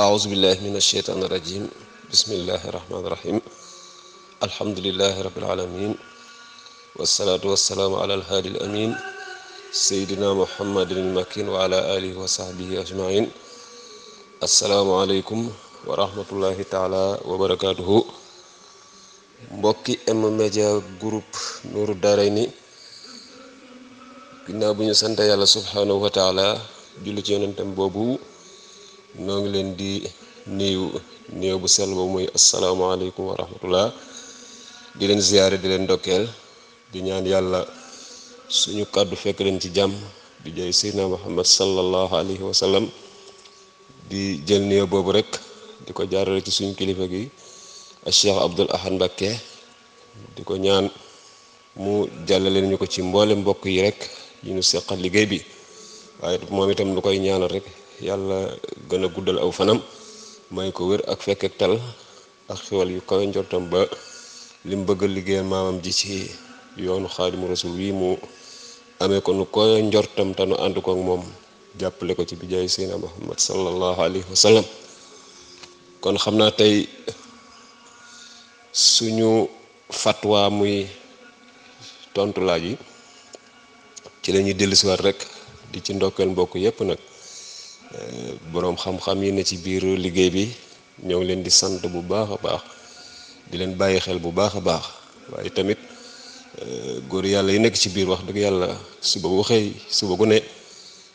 aousubillahi min alsheytaan irajim bismillahi irrahmani irahim alhamdulilahi rabilalamin wasalaatu wasalaamu seydina mohammadin almakin wa ala alihi wa sahbihi ajmain assalaamu aleykum wa rahmatullahi taala wa barakatuhu mbokki M-Media Group Nourou Darayni ginnaaw bu ñu sant yàlla wa taala julli ci yonentam noo ngi leen di nuyu néew bu sell ba muy asalaamaaleykum wa rahmatullah di leen ziyaare di leen ndokkeel di ñaan yàlla suñu kàddu fekk leen ci jàmm bi jay seydna muhammad sallallahu alayhi wa sallam di jël néew boobu rek di ko jaarale ci suñu kilifa gi ak cheikh abdul ahad mbakke di ko ñaan mu leen ñu ko ci mboole mbokk yi rek ñu nu liggéey bi waaye moom itam du koy ñaanal rek yàlla gën a guddal aw fanam may ko wér ak fekk ak tal ak xewal yu kawe njortam ba lim bëgg liggéeyal maamam ji ci yoonu xaadimu rasul wi mu amee ko nu koy njortam te nu ànd ko moom jàppale ko ci bijaay Seydina Muhammad sallallahu alayhi wa kon xam naa tey suñu fatwa muy tontu laaj yi ci la ñuy dellusiwaat rek di ci ndokkeel mbokk yépp nag Eh, boroom xam-xam yi ne ci biir liggéey bi ñoo ngi leen di sant bu baax a baax di leen bàyyi xel bu baax a baax waaye tamit eh, góor yàlla yi nekk ci biir wax dëgg yàlla suba bu xëy suba gu ne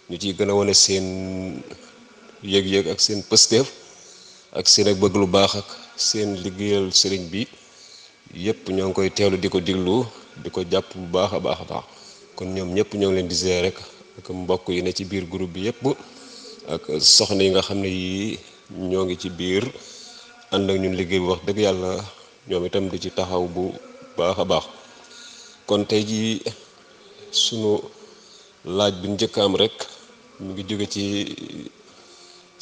ñu ciy gën a wane seen yëg-yëg ak seen pësteef ak seen ak bëgg lu baax ak seen liggéeyal sëriñ bi yépp ñoo ngi koy teelu di ko diglu di ko jàpp bu baax a baax a baax kon ñoom ñëpp ñoo leen di ziare rek ak mbokk yi ne ci biir group bi yépp ak soxna yi nga xam ne yii ñoo ngi ci biir ànd ak ñun liggéey bu wax dëgg yàlla ñoom itam di ci taxaw bu baax a baax kon tey jii sunu laaj bi njëkk am rek mu ngi jóge ci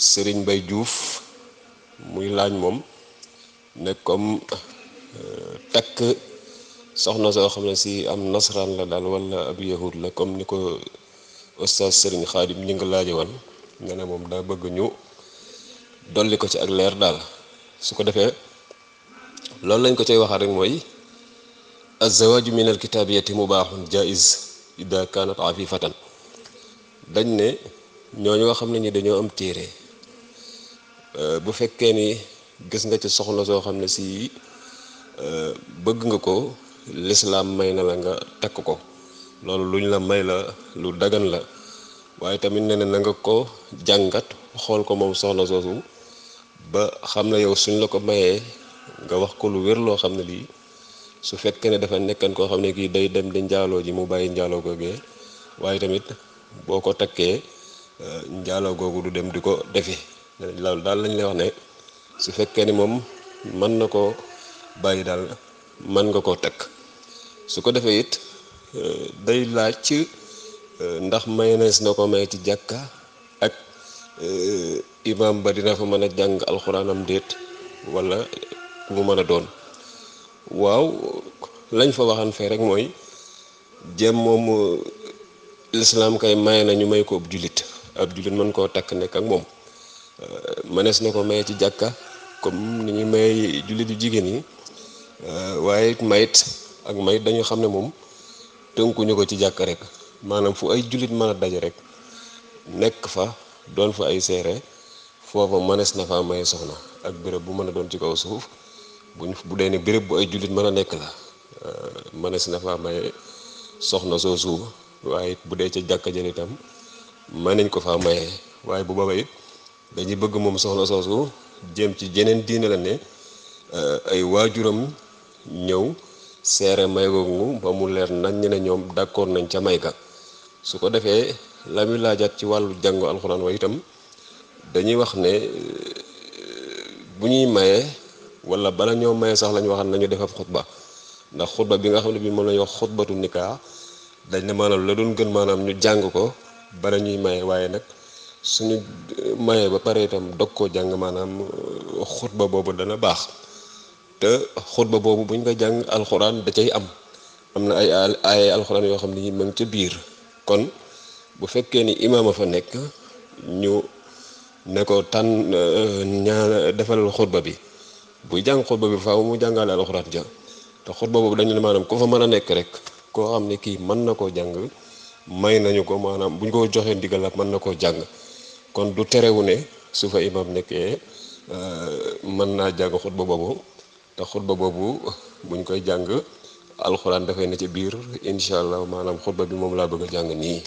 sëriñ bay juuf muy laaj moom ne comme euh, takk soxna soo xam ne si am nasaraan la daal wala ab yahud la comme ni ko oustaz Serigne Khadim ñu ngi laaje woon nga ne moom daa bëgg ñu dolli ko ci ak leer daal su ko defee loolu lañ ko cay waxaat rek mooy azawaju min alkitaabiyati mubaaxun jaiz ida kanat afifatan dañ ne ñooñu xam ne ñi dañoo am téere euh, bu fekkee ni gis nga ci soxna soo xam ne si euh, bëgg nga ko lislaam may na la nga takk ko loolu luñ la may la lu dagan la waaye tamit nee na na nga ko jàngat xool ko moom soxna soosu ba xam na yow suñ la ko mayee nga wax ko lu wér loo xam ne lii su fekkee ne dafa nekkan koo xam ne kii day dem di njaaloo ji mu bàyyi njaaloo googee waaye tamit boo ko takkee eh, njaaloo googu du dem di ko defi loolu daal lañ lay wax ne su fekkee ni moom mën na koo bàyyi daal mën nga koo takk su ko defee it eh, day laaj Euh, ndax mayenees na ko may ci jàkka ak euh, imam ba dina fa mën a jàng alxuraanam déet wala mu mën a doon waaw lañ fa waxan fee rek mooy jëm moom euh, lislaam kay maye na ñu may ko ab jullit ab jullit mën koo takk nekk ak moom manees na ko maye ci jàkka comme ni ñu may jullit yu jigéen yi waaye mayit ak mayit dañu xam ne moom tënkuñu ko ci jàkka rek maanaam fu ay jullit mën a daje rek nekk fa doon fa ay seere foofa mënees na fa may soxna ak béréb bu mën a doon ci kaw suuf bu buñ bu dee ne béréb bu ay jullit mën a nekk la euh, mënees na fa may soxna soo waaye it bu dee ca jàkka itam mën nañ ko fa maye waaye bu booba it bëgg moom soxna soosu jëm ci jeneen diine la ne euh, ay waajuram ñëw seere may googu ba mu leer nañ ne ñoom d'accord nañ ca may ga su ko defee la muy laajaat ci wàllu jàngu alxuraan wa itam dañuy wax ne euh, bu ñuy mayee wala bala ñoo maye sax lañu waxaat nañu def ab xutba ndax xutba bi nga xam ne bi moom lañu wax xutbatu nikaa dañ ne maanaam la doon gën maanaam ñu jàng ko bala ñuy maye waaye nag suñu euh, maye ba pare itam dog koo jàng maanaam euh, xutba boobu dana baax te xutba boobu buñ ko jàng alxuraan da cay am am na ay ay alxuraan yoo xam ne yi ma ngi ca biir kon bu fekkee ni imaam a fa nekk ñu ne ko tànn euh, ñaan defal xutba bi buy jàng xutba bi faaw mu jàngale alxuraan ja te xutba boobu dañu ne maanaam ku fa mën a nekk rek koo xam ne kii mën na koo jàng may nañu ko maanaam buñ ko joxee ndigal mën na koo jàng kon du terewu ne su fa imaam nekkee euh, mën naa jàng xutba boobu te xutba boobu buñ koy jàng alxuraan dafay na ci biir incha allah maanaam xutba bi moom laa bëgg a jàng nii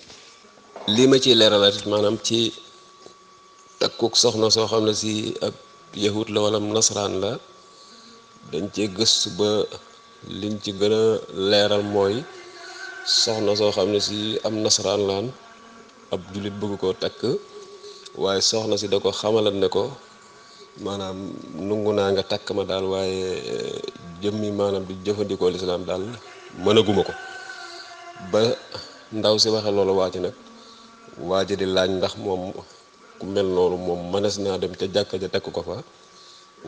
lii ma ciy leeralaat maanaam ci takkuk soxna soo xam ne si ab yahut la wala nasaraan la dañ cee gëstu ba liñ ci gën a leeral mooy soxna soo xam ne si am nasaraan laan ab jullit bëgg koo takk waaye soxna si da ko xamalat ne ko maanaam nungu naa nga takk ma daal waaye jëmmi maanaam di jëfandikoo lislaam daal mënaguma ko ba ndaw si waxe loolu waa ji nag waa di laaj ndax moom ku mel noonu moom mënees naa dem ca jàkka ja tekk ko fa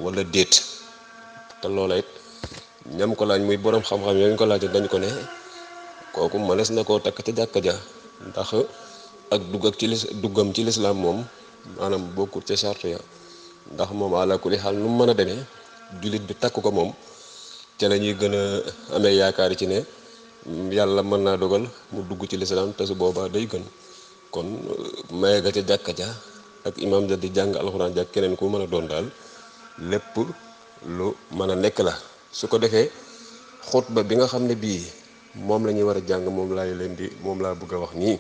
wala déet te loola it ñam ko laaj muy boroom xam-xam yooyu ko laaj dañ ko ne kooku mënees na koo takk ca jàkka ja ndax ak dugg ak ci duggam ci lislaam moom maanaam bokkut ca charte ya ndax moom àla kulli xaal nu mu mën a demee jullit bi takk ko moom ca la ñuy gën a amee yaakaar ci ne yàlla mën naa dogal mu dugg ci lislaam te su boobaa day gën kon maye ga ca jàkka ja ak imaam ja di jàng alxuraan ja keneen ku mën a doon daal lépp lu mën a nekk la su ko defee xutba bi nga xam ne bii moom lañuy ñuy war a jàng moom laay leen di moom laa bëgg a wax nii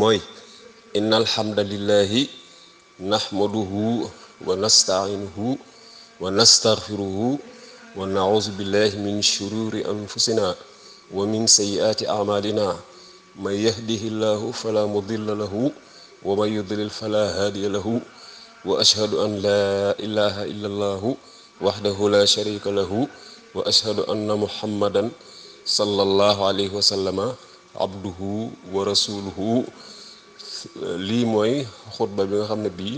mooy inna alhamdalillahi nahmaduhu wa nastainuhu wa nastaghfiruhu wa naudu billahi min shururi anfusina wa min sayyiati amalina man yahdihi llahu fala mudilla lahu wa man yudlil fala hadiya lahu wa ashhadu an laa ilaha illa allahu waxdahu la sharika lahu wa ashhadu anna muhammadan sallallahu alayhi wa sallama abduhu wa rasuluhu lii mooy xutba bi nga xam ne bii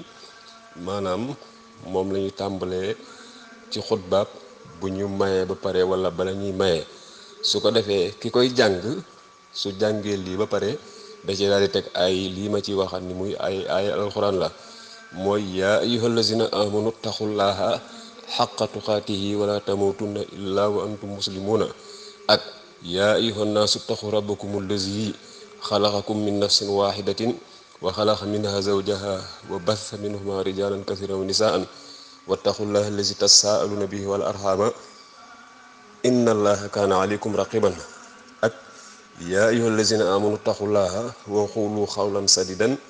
maanaam moom la ñu tàmbalee ci xutbaab bu ñu mayee ba pare wala bala ñuy mayee su ko defee ki koy jàng su jàngee lii ba pare da daal di teg ay lii ma ci waxaat ni muy ay ay alxuraan la mooy yaa ayyuhal lazina amanu taqullaaha xaqa tuqaatihi wala tamutunna illaa wa antum muslimuuna ak yaa ayyuhan naasu taqu rabbakum allazi xalaqakum min nafsin waaxidatin wa xalaqa minha zawjaha wa batha minhuma rijalan kasiran wa nisaan wattaqullaha allazi tasaaluna bihi wal arhama inna allaha kaana aleykum raqiban ak yaa ayuha allazina amanu taqullaha wa qulu xawlan sadidan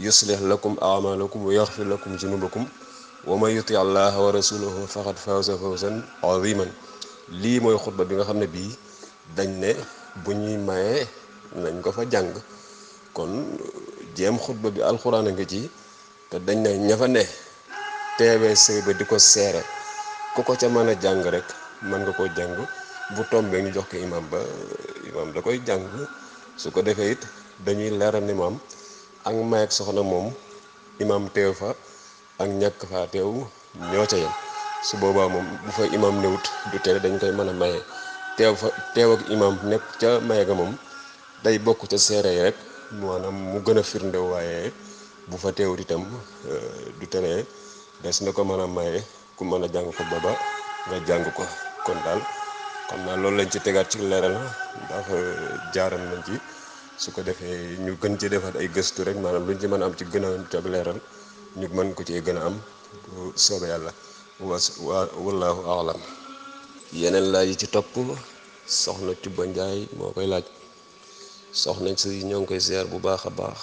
yuslih lakum amalakum wa yaxfir lakum junubakum wa man yuti allaha wa rasulahu faqad fawza fawzan lii mooy xutba bi nga xam ne bii dañ ne bu ñuy mayee nañ ko fa jàng kon jéem xutba bi alxuraan a nga ci te dañ ne ña fa ne teewee sëy ba di ko seere ku ko ca mën a jàng rek mën nga koo jàng bu tombee ñu jox ko imam ba imam da koy jàng su ko defee it dañuy leeral ni maam ak may ak soxna moom imam teew fa ak ñàkk faa teew ñoo ca yem su boobaa moom bu fa imam newut du tere dañ koy mën a maye teew fa teew ak imam nekk ca maye ga moom day bokk ca seere yi rek maanaam mu gën a firnde waaye bu fa teewut itam euh, du tere des na ko mën a maye ku mën a jàng ko baba nga jàng ko kon daal xam naa loolu lañ ci tegaat ci leeral ndax euh, jaaram nañ ci su ko defee ñu gën ci defaat ay gëstu rek maanaam luñ ci mën a am ci gën a ci leeral ñu mën ko ci gën a am bu soobee yàlla was wallaahu aalam yeneen laaj yi ci topp soxna Cuba Njaay moo koy laaj soxna si ñoo ngi koy ziar bu baax a baax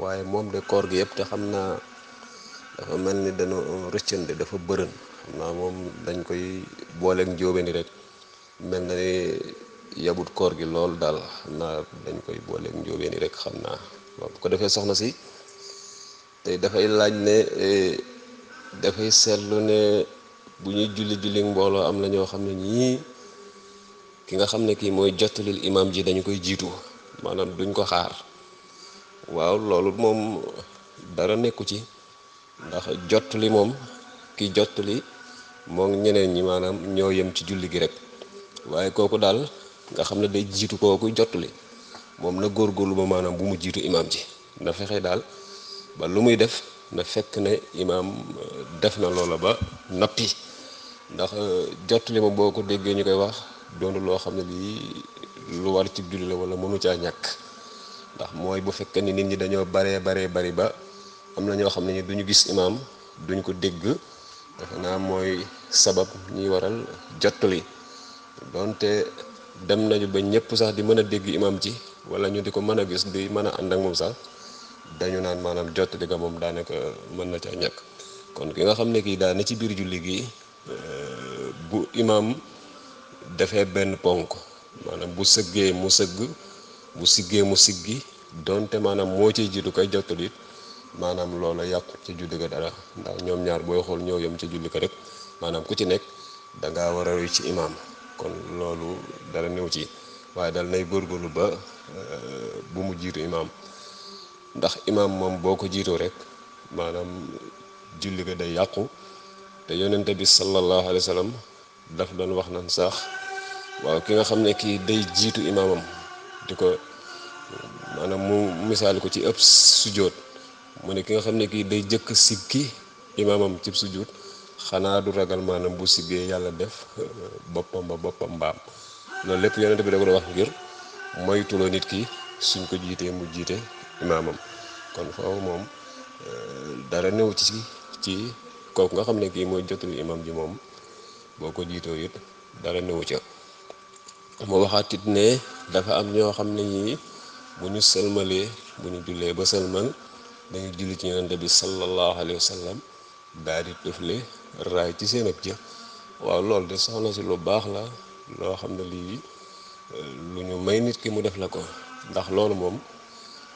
waaye moom de koor gi yëpp te xam naa dafa mel ni dana rëccande dafa bërën xam naa moom dañ koy booleeg njóobeen rek mel na ni yabut koor gi lool daal xam naa dañ koy booleeg njóobeen rek xam naa waaw bu ko defee soxna si te dafay laaj ne e, dafay seetlu ne bu ñuy julli julli mbooloo am na ñoo xam ne ñii ki nga xam ne kii mooy jottalil imaam ji dañu koy jiitu maanaam duñ ko xaar waaw loolu moom dara nekku ci. ndax jottali moom ki jottali moom ñeneen ñi maanaam ñoo yem ci julli gi rek waaye kooku daal nga xam ne day jiitu kooku jottali moom na góorgóorlu ba maanaam bu mu jiitu imaam ji na fexe daal ba lu muy def na fekk ne imaam euh, def na loola ba noppi ndax euh, jottali ma boo ko déggee ñu koy wax doonu loo xam ne lii lu ci julli la wala mënu caa ñàkk ndax mooy bu fekkee ni nit ñi dañoo baree baree bari ba am na ñoo xam ne duñu gis imaam duñ ko dégg defe naa mooy sabab ñuy waral jottali doonte dem nañu ba ñëpp sax di mën a dégg imaam ci wala ñu di ko mën a gis di mën a ànd ak moom sax dañu naan maanaam jottali ga moom daanaka mën na caa ñàkk kon ki nga xam ne kii daane ci biir julli gi euh, bu imaam defee benn ponk maanaam bu sëggee mu sëgg mu siggee mu siggi doonte maanaam moo ciy jiitu koy jottali maanaam loola yàqut ci julli ga dara ndax ñoom ñaar booy xool ñoo yom ci julli ko rek maanaam ku ci nekk da war a roy ci imaam kon loolu dara néew ci waaye dal nay góorgóorlu ba euh, bu mu jiitu imaam ndax imaam moom boo ko jiitoo rek maanaam julli ga day yàqu te yonente bi sallallahu alayhi wa sallam daf doon wax nan sax waaw ki nga xam ne kii day jiitu imaamam di ko maanaam mu misaal ko ci ëpp sujjóot mu ne ki nga xam ne kii day jëkk sikki imaamam cib sujjuut xanaa du ragal maanaam bu siggee yàlla def euh, boppam ba boppam mbaam loolu lépp yonent bi da wax ngir moytuloo ki suñ ko jiitee mu jiite kon moom euh, dara new ci ci kooku nga xam ne kii mooy jotul imam ji moom boo ko jiitoo it dara new ca mu ne dafa am ñoo xam ne ñi bu ñu sëlmalee bu ñu jullee ba sëlmal dañuy julli ci yonent bi sallallahu alayhi wa sallam daal di tëfle raay ci seen ab jë waaw loolu de soxna si lu baax la loo xam ne lii lu ñu may nit ki mu def la ko ndax loolu moom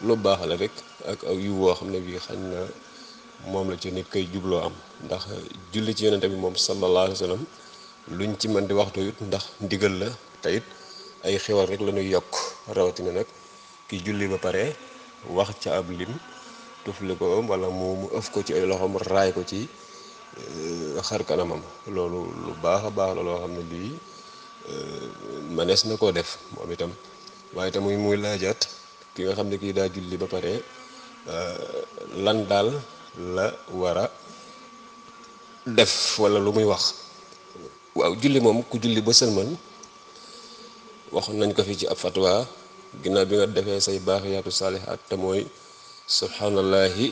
lu baax la rek ak ak yu woo xam ne bii xañ na moom la ci nit koy jubloo am ndax julli ci yonent bi moom sallallahu alayhi wa sallam luñ ci mën di waxtu it ndax ndigal la te it ay xewal rek la yokk rawatina nag ki julli ba pare wax ca ab lim tufli ko wala mu mu ëf ko ci ay loxoom raay ko ci euh, xar kanamam loolu lu baax a baax la loo xam ne lii euh, mënees na koo def moom itam waaye itam muy muy laajaat ki nga xam ne kii daa julli ba pare euh, lan daal la war a def wala lu muy wax waaw julli moom ku julli ba sëlman waxoon nañ ko fi ci ab fatwa ginnaaw bi nga defee say baaxiyaatu saalihaat te mooy subhaanallaahi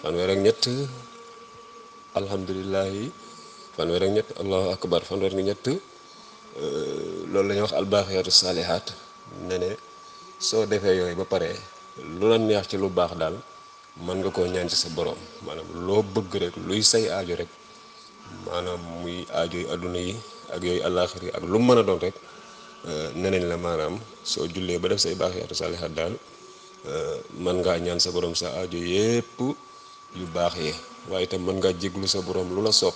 fanweer ak ñett alhamdulilahi fanweer ak ñett allahu akbar fanweer ak ñett euh, loolu la ñuy wax albaaxiyaatu saalihaat ne ne soo defee yooyu ba pare lu la neex ci lu baax daal mën nga koo ñaan ci sa borom maanaam loo bëgg rek luy say aajo rek maanaam muy aajo yu adduna yi ak yooyu àllaaxira yi ak lu mën a doon rek euh, nenañ la maanaam soo jullee ba def say baaxiyaatu saalihaat daal Eh, mën ngaa ñaan sa borom sa aajo yépp yu baax yi waaye itam mën ngaa jéglu sa borom lu la soob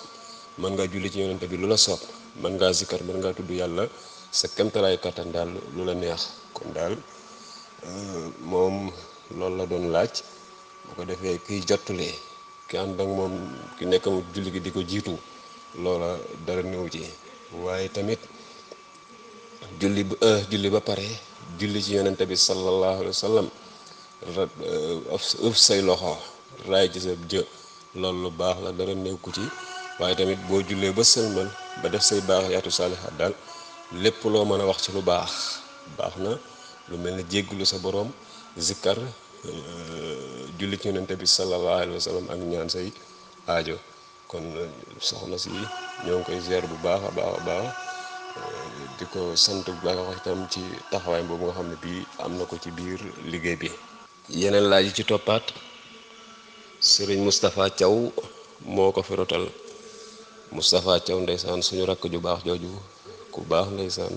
mën ngaa julli ci yonente bi lu la soob mën ngaa zikkar mën ngaa tudd yàlla sa kemtalaay kattan daal lu la neex kon daal eh, moom loolu la doon laaj bu ko defee kiy jottalee ki ànd ak moom gi di ko jiitu loola dara ci waaye tamit julli ba eh, julli ba pare julli ci yonente bi sallallahu alayhi wa Eh, ëf say loxo raay ci sa jë loolu lu baax la dara nekku ci waaye tamit boo jullee ba sëlmal ba def say baax yaatu saalihaat daal lépp loo mën a wax ci lu baax baax na lu mel ne jégglu sa boroom zikkar eh, julli ci yonente bi sallallahu alayhi ak ñaan say aajo kon eh, soxna si ñoo ngi koy ziar bu baax a baax a baax di ko sant bu baax a wax itam ci taxawaay boobu nga xam ne bii am na ko ci biir liggéey bi yeneen laaj yi ci toppaat sëriñ Moustapha caw moo ko fi rotal Moustapha Thiaw ndeysaan suñu rakk ju baax jooju ku baax ndeysaan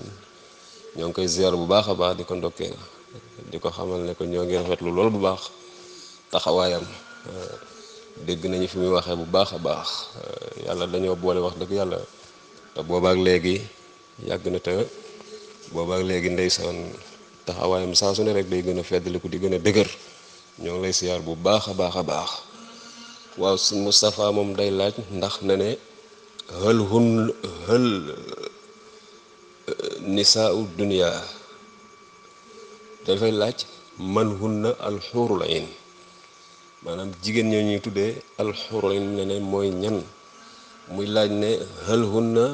ñoo ngi koy ziar bu baax a baax di ko ndokkeel di ko xamal ne ko ñoo ngi lu lool bu baax taxawaayam dégg nañu fi muy waxee bu baax a baax yàlla dañoo boole wax dëgg yàlla te boobaak léegi yàgg na te boobaak léegi ndeysaan taxawaayam saa su ne rek day gën a feddaliku di gën a dëgër ñoo ngi lay siyaar bu baax a baax a baax waaw si Moustapha moom day laaj ndax na ne hël hun hël eh, nisaa u dunia dafay laaj man hunna alxuurul ayn maanaam jigéen ñoo ñuy tuddee alxuurul ayn mooy ñan muy laaj ne hël na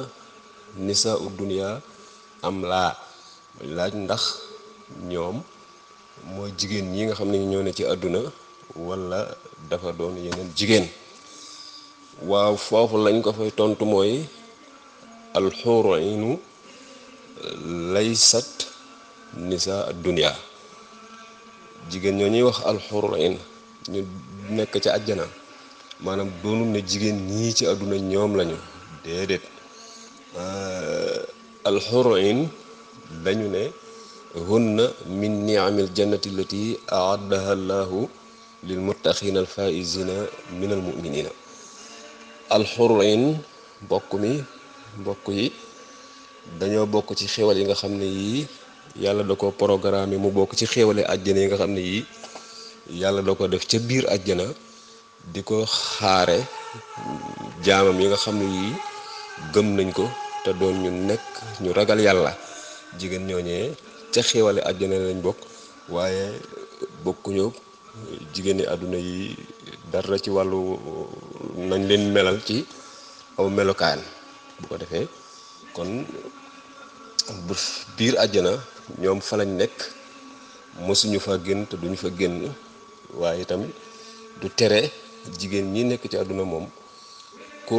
nisaa u dunia am laa muy laaj ndax ñoom mooy jigéen ñi nga xam ne ñoo ne ci àdduna wala dafa doon yeneen jigéen waaw foofu lañ ko fay tontu mooy lay inu laysat nisaa dunia jigéen ñoo ñuy wax alxuuru in ñu nekk ca àjjana maanaam doonul ne jigéen ñi ci àdduna ñoom lañu déedéet alxuuru in dañu ne hunna min niamil jannati allati aaddaha llahu lil muttaqiina alfaizina min almuminina alxurin mbokk mi mbokk yi dañoo bokk ci xewal yi nga xam ne yii yàlla da ko programme mu bokk ci xéewale àjjana yi nga xam ne yii yàlla da ko def ca biir àjjana di ko xaare jaamam yi nga xam ne yii gëm nañ ko te doon ñu nekk ñu ragal yàlla jigéen ñooñee ca xéewale àjjana lañ bokk waaye bokkuñu jigéeni àdduna yi dara ci wàllu nañ leen melal ci aw melokaan bu ko defee kon bu biir àjjana ñoom fa lañ nekk mosuñu fa génn te duñu fa génn waaye itam du tere jigéen ñi nekk ci àdduna moom ku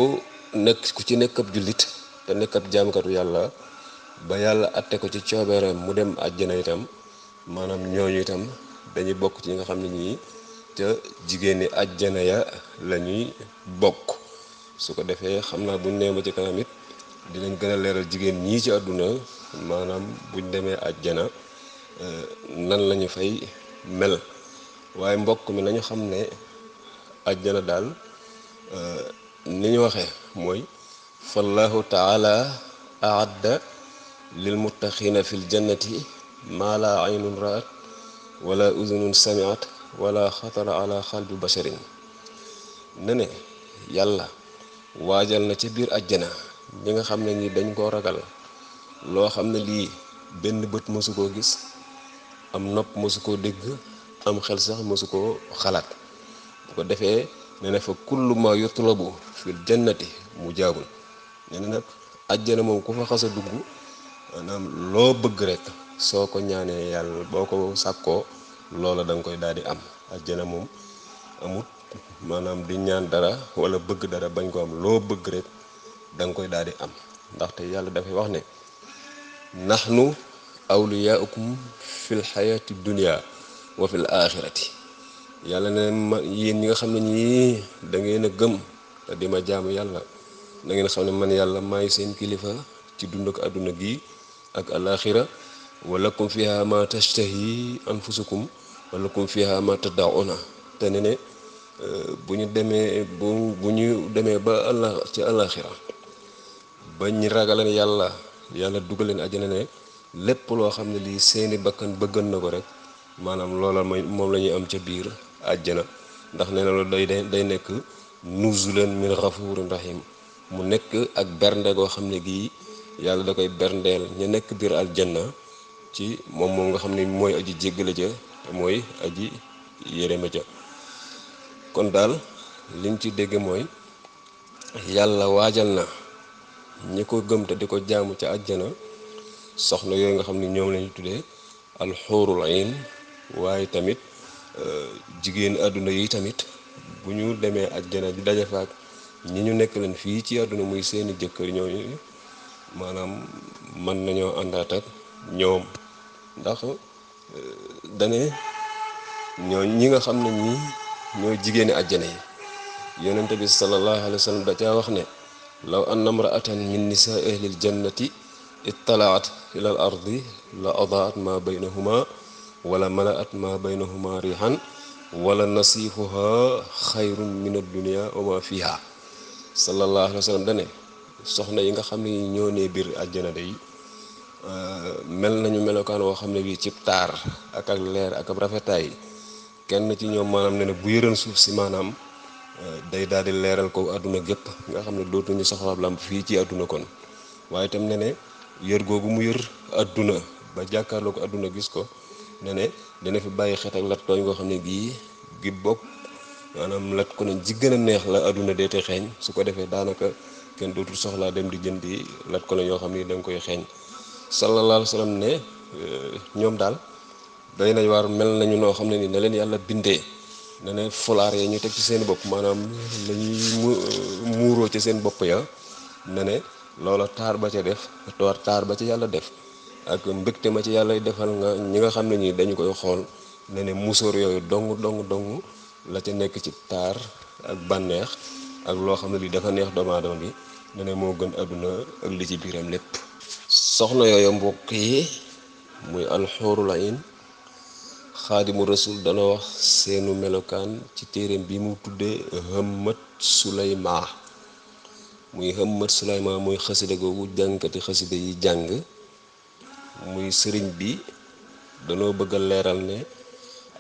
nekk ku ci nekk ab jullit te nekk ab yàlla ba yàlla atte ko ci coobeereem mu dem àjjana itam maanaam ñooñu itam dañuy bokk ci ñi nga xam ne ñii ca jigéeni àjjana ya lañuy bokk su ko defee xam naa buñ nee ba ci kanam dinañ gën a leeral jigéen ñii ci àdduna maanaam buñ demee àjjana eh, nan lañu fay mel waaye mbokk mi nañu xam ne àjjana daal eh, ni ñu waxee mooy fallahu taala aadda lil muttaqiina fil jannati maa laa aynun ra'at wala uzunun sami'at wala xatara ala xalbi basharin ne yàlla waajal na ca biir àjjana ñi nga xam ne ni dañ koo ragal loo xam ne lii benn bët mësu koo gis am nopp mësu koo dégg am xel sax mësu koo xalaat bu ko defee ne na fa kullu ma yutlabu fil jannati mu jaabul ne na nag àjjana moom ku fa xas dugg maanaam loo bëgg rek soo ko ñaanee yàlla boo ko sàkkoo loola danga koy daal di am àjjana moom amut maanaam di ñaan dara wala bëgg dara bañ ko am loo bëgg rek da koy daal di am ndaxte yàlla dafay wax ne nahnu awliyaukum fil xayaati dunia wa fil axirati yàlla ne ma yéen ñi nga xam ne ñii da ngeen a gëm te di ma jaamu yàlla da ngeen xam ne man yàlla maay seen kilifa ci dund ko àdduna gi ak alaaxira walakum fiha ma tashtahi anfusukum walla fiha ma taddauna te ne ne eh, bu ñu demee bu bu ñu demee ba allah ci alaaxira ba ñu ragalan yàlla yàlla dugal leen àjjana ne lépp loo xam ne lii seeni bakkan bëggan na ko rek maanaam loola moom la ñuy am ca biir àjjana ndax nee na loolu day day nekk nuzulan min ghafurin rahim mu nekk ak bernde goo xam ne gii yàlla da koy berndeel ñu nekk biir aljanna ci moom moom nga xam ni mooy aji jéggale ja te mooy aji yërëme ja kon daal liñ ci dégg mooy yàlla waajal na ñi ko gëm te di ko jaamu ca àjjana soxna yooyu nga xam ne ñoom lañu tuddee alxuurul ayn waaye tamit euh, jigéen àdduna yi tamit bu ñu demee àjjana di daje faak ñi ñu nekk leen fii ci àdduna muy seeni jëkkër ñooñu maanaam mën nañoo àndaat ak ñoom ndax euh, dane ñoo ñi nga xam ne ñi ñooy jigéeni àjjana yi yonente bi sallallahu alayhi wa sallam da caa wax ne law anna mraatan min nisaa ahlil jannati ittalaat ilal ardi la adaat ma baynahuma wala malaat ma baynahuma rihan wala nasifuha xayrun min ad dunia wa ma fiha wa sallam dane soxna yi nga xam ne ñoo nee biir àjjana day euh, mel nañu melokaan woo xam ne bii cib taar ak ak leer ak ab rafetaay kenn ci ñoom maanaam ne bu yëran suuf si maanaam euh, day daal di leeral ko àdduna gépp nga xam ne dootuñu soxlaab làmp fii ci àdduna kon waaye itam ne ne yër googu mu yër àdduna ba jàkkaarloo ko àdduna gis ko ne dana fi bàyyi xet ak lat tooñ koo xam ne gii gi bokk maanaam lat ko ne ji gën a neex la adduna dee te xeeñ su ko defee daanaka kenn dootul soxlaa dem di jëndi lat ko la yoo xam ni da koy xeeñ sallallahu alayhi wa sallam ne euh, ñoom daal day nañ waar mel nañu noo xam ne ni na leen yàlla bindee ne ne fulaar ñu teg ci seen bopp maanaam lañuy euh, muuroo ci seen bopp ya ne ne loola taar ba ca def toor taar ba ca yàlla def ak mbégte ma ci yàllay defal nga ñi nga xam ne nii dañu koy xool ne ne musóor yooyu dong dong dong la ca nekk ci taar ak bànneex ak loo xam ne li dafa neex doomu aadama bi ne ne moo gën àdduna ak li ci biiram lépp soxna yooyu mbokk yi muy alxuurul ayn xaadimu rasul dana wax seenu melokaan ci téereem bi mu tuddee hëmmat sulayma muy hëmmat muy xasida googu jàngkati xasida yi jàng muy sëriñ bi danoo bëgg leeral ne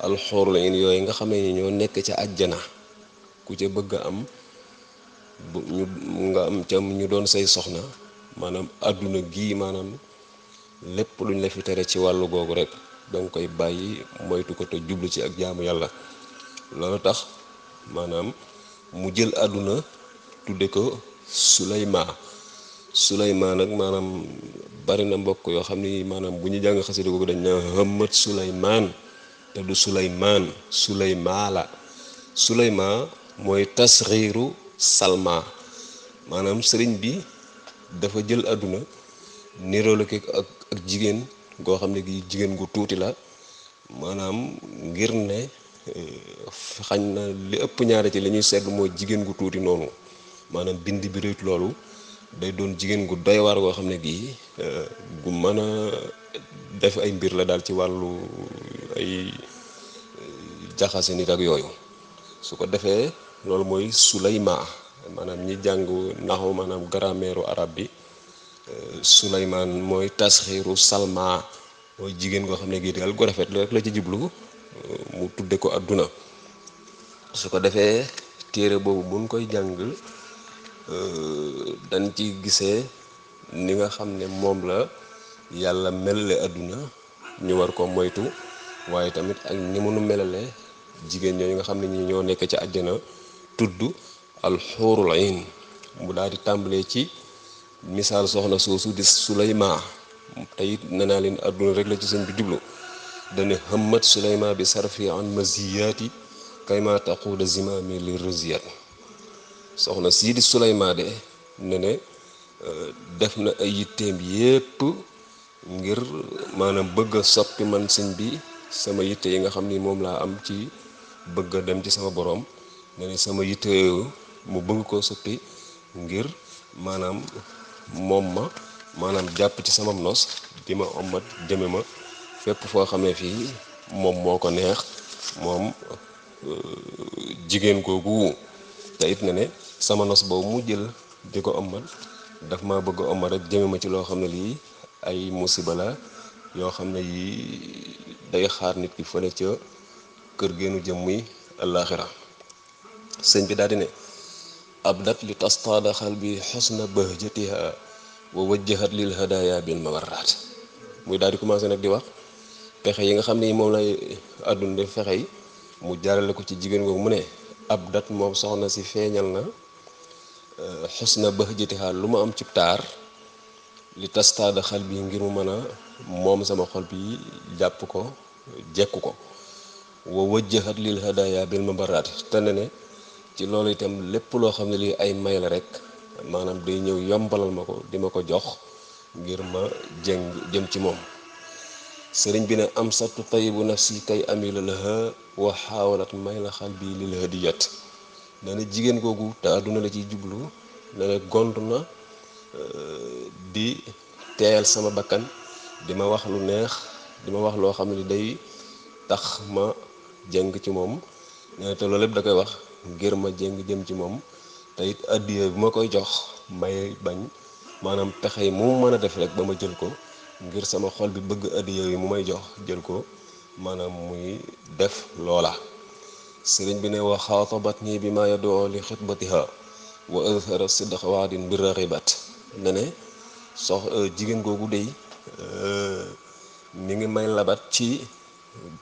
alxuurul ayn yooyu nga xamee ni ñoo nekk ca àjjana ku ca bëgg a am bu ñu nga am ca ñu doon say soxna maanaam àdduna gii maanaam lépp luñ la fi tere ci wàllu googu rek danga koy bàyyi moytu ko te jublu ci ak jaamu yàlla loolu tax maanaam mu jël àdduna tudde ko sulayma sulayma nag maanaam bari na mbokk yoo xam ni maanaam bu ñu jàng xasida googu dañ na hëmmat sulaymaan te du sulaymaan sulaymaa la sulayma mooy tas tasxiiru salma maanaam sëriñ bi dafa jël àdduna niroole ko ak ak jigéen goo xam ne gi jigéen gu tuuti la maanaam ngir ne eh, xañ na li ëpp ñaare ci li ñuy seetlu mooy jigéen gu tuuti noonu maanaam bind bi rëyut loolu day doon jigéen gu doy war goo xam ne gii eh, gu mën a def ay mbir la daal ci wàllu ay eh, jaxase nit ak yooyu su ko defee loolu mooy sulayma maanaam ñi jàng naxu maanaam grammaire arab bi euh, sulaymaan mooy tasxiiru salma mooy jigéen goo xam ne gii daal gu rafet la rek la ci jublu euh, mu tudde ko adduna su ko defee téere boobu buñ koy jàng euh, dañ ci gisee ni nga xam ne moom la yàlla melale adduna ñu war ko moytu waaye tamit ak ni mënu melale jigéen ñooñu nga xam ne ñi ñoo nekk ci àjjana tudd alxuurul ayn mu daal di tàmbalee ci misaal soxna soosu di Suleyma te it nee leen àdduna rek la ci sëñ bi jublu dane hëmmat Suleyma bi sarfi an maziyaati kayma taquuda zimaami li rëziyaat soxna sii di Suleyma de ne eh, def na ay yitteem yépp ngir maanaam bëgg a soppi man sëñ bi sama yitte yi nga xam ni moom laa am ci bëgg dem ci sama boroom nee na sama yitte mu bëgg koo soppi ngir maanaam moom ma maanaam jàpp ci sama nos di ma ommat jëme ma fépp foo xam ne fii moom moo ko neex moom euh, jigéen googu te it na ne sama nos boobu mu jël di ko ommat daf ma bëgg ommat rek jëme ma ci loo xam ne lii ay musiba la yoo xam ne yii day xaar nit ki fële ca kër geenu jëm muy àllaaxira sëñ bi daal di ne abdat li tastaada xalbi xusna bahjatiha wa wajjahat lil hadaya bil mawarraat muy daal commencé nag di wax pexe yi nga xam ne moom lay àdduna di fexe mu jaarale ko ci jigéen boobu mu ne abdat moom soxna si feeñal na xusna eh, bahjatiha lu ma am ci taar li tastaada xal bi ngir mën a moom sama xol bi jàpp ko jekku ko wa wajjahat lil hadaya bil mabarraati te ne ne ci loolu itam lépp loo xam ne lii ay may la rek maanaam day ñëw yombalal ma ko di ma ko jox ngir ma jëng jëm ci moom sëriñ bi ne am sattu tayibu nafsi kay amila laha wa xaawalat may la xal bii lil hadiyat dana jigéen googu te àdduna la ciy jublu dana gont na euh, di teeyal sama bakkan di ma wax lu neex di ma wax loo xam ne day tax ma jëng ci moom nee te loolu lépp da koy wax ngir ma jéng jëm ci moom te it addiya bi ma koy jox may bañ maanaam pexe mu mën a def rek ba ma jël ko ngir sama xol bi bëgg addiya yi mu may jox jël ko maanaam muy def loola sëriñ bi ne wa xaatabat nii bi ma yadoo li xitbatiha wa azhara sidqa waadin bi raxibat ne ne sox euh, jigéen googu dey ni euh, ngi may labat ci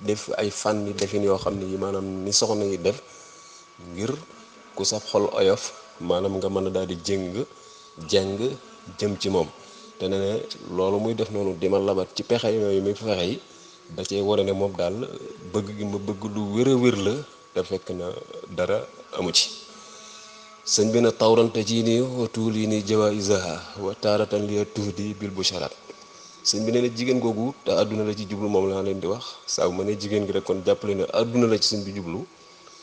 def ay fànni defin yoo xam ne yi maanaam ni soxna yi def ngir ku sab xol oyof maanaam nga mën a daal di jëng jàng jëm ci moom te ne loolu muy def noonu di ma labat ci pexe yooyu muy fexe yi da cee ne moom daal bëgg gi ma bëgg lu wér a wér la da fekk na dara amu ci sëñ bi na tawrante jii nii tuul yi nii jawa isaha wa taaratan li tuuf di bil bu sharaat sëñ bi ne na jigéen googu te àdduna la ci jublu moom laa leen di wax saa ma ne jigéen gi rek kon jàppale ne àdduna la ci suñ bi jublu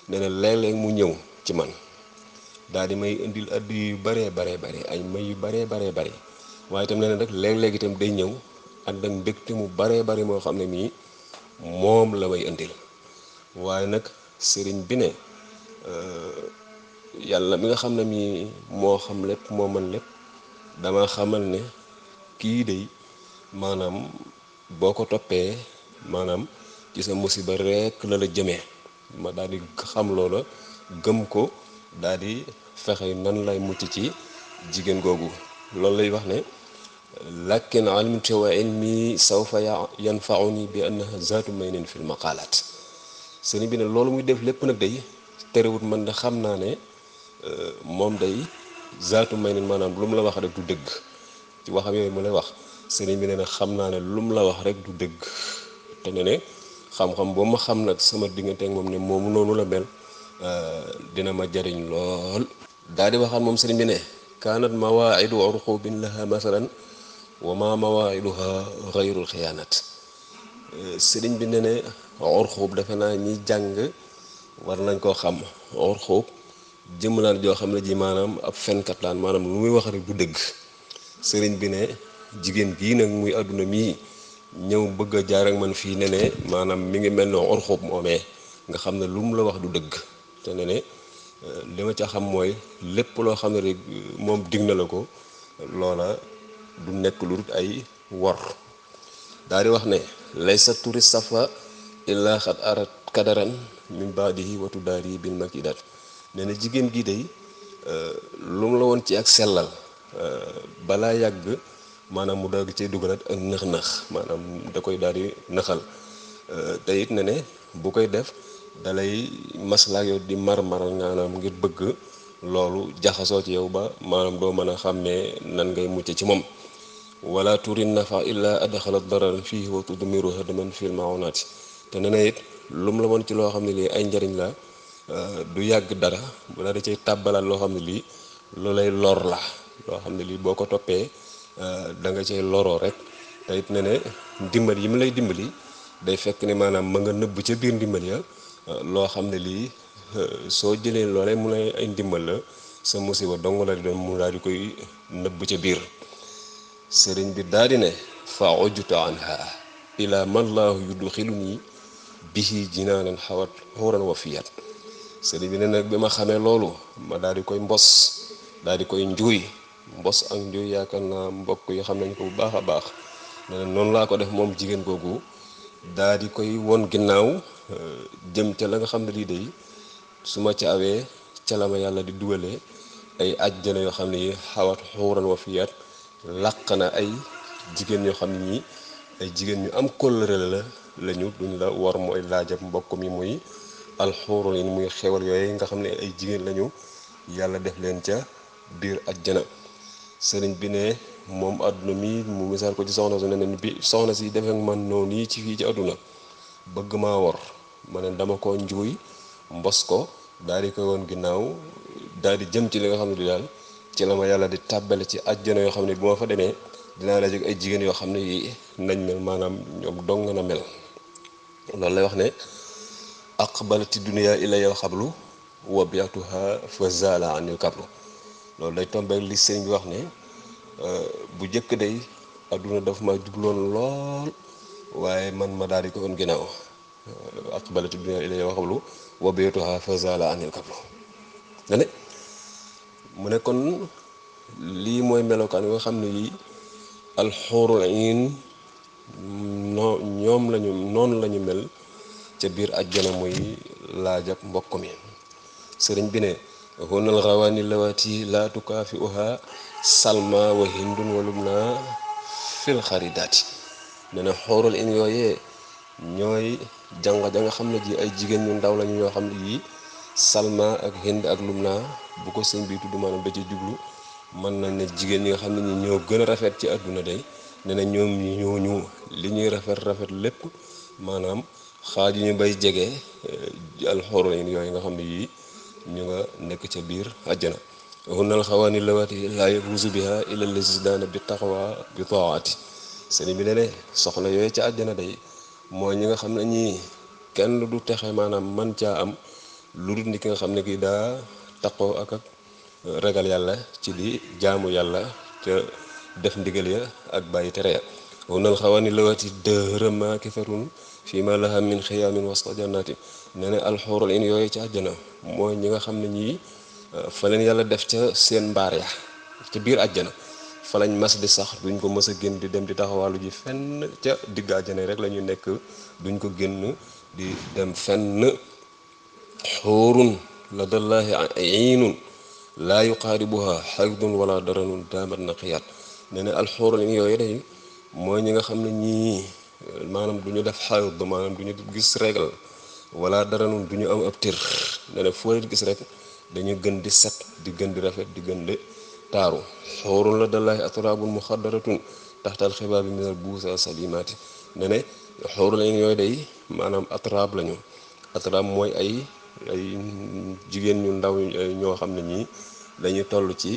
nee na léeg mu ñëw ci man daal di may indil addu yu baree baree bare ay may yu baree baree bare waaye itam nee na nag léeg-léeg itam day ñëw ànd ak mbégte mu baree bare moo xam ne mii moom la may indil waaye nag sëriñ bi ne euh, yàlla mi nga xam ne mii moo xam lépp moo man lépp dama xamal ne kii day maanaam boo ko toppee maanaam ci sa musiba rekk la la jëmee ma daal di xam loola gëm ko daal di fexe nan lay mucc ci jigéen googu loolu lay wax ne lakin alminte wa ilmi sawfa yanfauni bi annaha zaatu maynin fil maqaalaat sëriñ bi ne loolu muy def lépp nag day terewut man da xam naa ne euh, moom day zaatu maynin maanaam lu mu la wax rek du dëgg ci waxam yooyu mu lay wax sëriñ bi ne na xam naa ne lu mu la wax rek du dëgg te ne ne xam-xam boo ma xam nag sama diggante ak moom ne moomu noonu la mel euh, dina ma jariñ lool daal di waxaat moom sëriñ bi ne kaanat mawaidu urqubin laha masalan wa ma euh, sëriñ bi ne ne urxuub defe naa ñi jàng war nañ koo xam urxuub jëmm laan joo xam ne ji maanaam ab fenkat laan maanaam lu muy wax bu du dëgg sëriñ bi ne jigéen bii nag muy àdduna mii ñëw bëgg a jaar ak man fii ne maanaam mi ngi mel noo orxub moomee nga xam ne lu mu la wax du dëgg te ne euh, li ma ca xam mooy lépp loo xam ne rek euh, moom dig na la ko loola du nekk lu dul ay wor daal di wax ne laysa turi safa illaa xat arat kadaran min baadihi watu daari bil makidat nee na jigéen gi day euh, lu mu la woon ci ak sellal balaa yàgg maanaam mu daal cee dugalaat ak nëx-nëx maanaam da koy daal di nëxal euh, te it ne ne bu koy def dalay maslaak yow di mar-maral maanaam ngir bëgg loolu jaxasoo ci yow ba maanaam doo mën a xàmmee nan ngay mucc ci moom wala turin nafa illa adxala darar fii wa tudmiru hadaman fil maonaati te ne na lu lum la woon ci loo xam ne lii ay njariñ la euh, du yàgg dara bu daal di cay tàbbalaat loo xam ne lii lu lay lor la loo xam ne lii boo ko toppee Euh, da nga cay loroo rek te it ne ne ndimbal yi mu lay dimbali day fekk ni maanaam ma nga nëbb ca biir ndimbal ya euh, loo xam ne lii euh, soo jëlee loole mu lay ay ndimbal la sa musiba dong la di doon mu daal di koy nëbb ca biir sëriñ bi daal di ne fa ujuta anha ila man laahu yudxiluni bihi jinaanan xawat xuuran wa fiyat sëriñ bi ne nag bi ma xamee loolu ma daal di koy mbos daal di koy njuuy mbos ak njuy yaakaar naa mbokk yoo xam nañ ko bu baax a baax nee noonu laa ko def moom jigéen googu daa di koy won ginnaaw euh, jëm ca la nga xam ne lii de su ma ca awee ca la yàlla di dugalee ay àjjana yoo xam ne yi xawat xuuran wa fiyaat na ay jigéen yoo xam ne ñi ay jigéen ñu am kóllëre la lañu duñ la war mooy laajab mbokk mi muy alxuurul yi muy xewal yooyu nga xam ne ay jigéen lañu yàlla def leen ca biir àjjana sëriñ bi ne moom àdduna mi mu misaal ko ci soxna su ne ne bi soxna si defee man noonu yi ci fii ci àdduna bëgg maa wor ma ne dama ko njuuy mbos ko daal di koy woon ginnaaw daal di jëm ci la nga xam ne di daal ci la ma yàlla di tàbbale ci àjjana yoo xam ne bu ma fa demee dinaa la jeg ay jigéen yoo xam ne yi nañ mel maanaam ñoom dong na mel loolu lay wax ne aqbalati dunia ilaya xablu wa biatuha fa zala anil kablu loolu day tombeek li sëriñ bi wax ne euh, bu jëkk dey adduna dafa ma jubloon lool waaye man ma daal di ko woon ginnaaw euh, aqbalatu dunya ilayya kon lii mooy melokaan yoo xam ne yii alxurul ayn noo ñoom lañu noonu lañu mel ca biir ajjana muy laajab mbokk mi sëriñ bi ne هنا الغواني اللواتي لا تكافئها سلمى وهند ولبنى في الخريدات nee na xóoral in yooyee ñooy jànga ja nga xam ne ji ay jigéen ñu ndaw lañu ñoo xam ne yii salma ak hind ak lumna bu ko sëñ bi tudd maanaam da ci jublu mën nañ ne jigéen ñi nga xam ne ñi ñoo gën a rafet ci àdduna day nee na ñoom ñu li ñuy rafet rafet lépp maanaam xaaju ñu bay jege eh, al xóoral in yooyu nga xam ne yii ñu nga nekk ca biir àjjana hunnal xawaani lawaati laa yafuuzu biha illa lazizdaana bi taxawaa bi taati sëriñ bi ne soxna yooyu ca àjjana day mooy ñi nga xam ne ñi kenn du texe maanaam man caa am lu du ni ki nga xam ne kii daa taqoo ak ak ragal yàlla ci di jaamu yàlla te def ndigal ya ak bàyyi tere ya hunnal xawaani lawaati dërëmaa kifarun fii ma laha min xiyaamin wasta jannaati nee na alxurul in yooyu ci àjjana mooy ñi nga xam ne ñii euh, fa leen yàlla def ca seen mbaar ya ca biir àjjana fa lañ mas di sax duñ ko mës a génn di dem di taxawaalu ji fenn ca digg àjjana rek la ñu nekk duñ ko génn di dem fenn xuurun la dallaahi iinun laa yuqaaribuha xaydun wala daranun daamat naqiyat nee na alxuurul in yooyu day mooy ñi nga xam ne ñii maanaam du ñu def xayd maanaam du ñu gis régal wala dara nun du ñu am ab tir ne foo leen gis rek dañu gën di set di gën di rafet di gën di taaru xoorun la mu dallahi atraabun muxaddaratun taxtal xibaar bi minal buusa salimaati ne ne xooru leen yooyu day maanaam atraab lañu atraab mooy ay ay jigéen ñu ndaw ñoo xam ne ñii dañu toll ci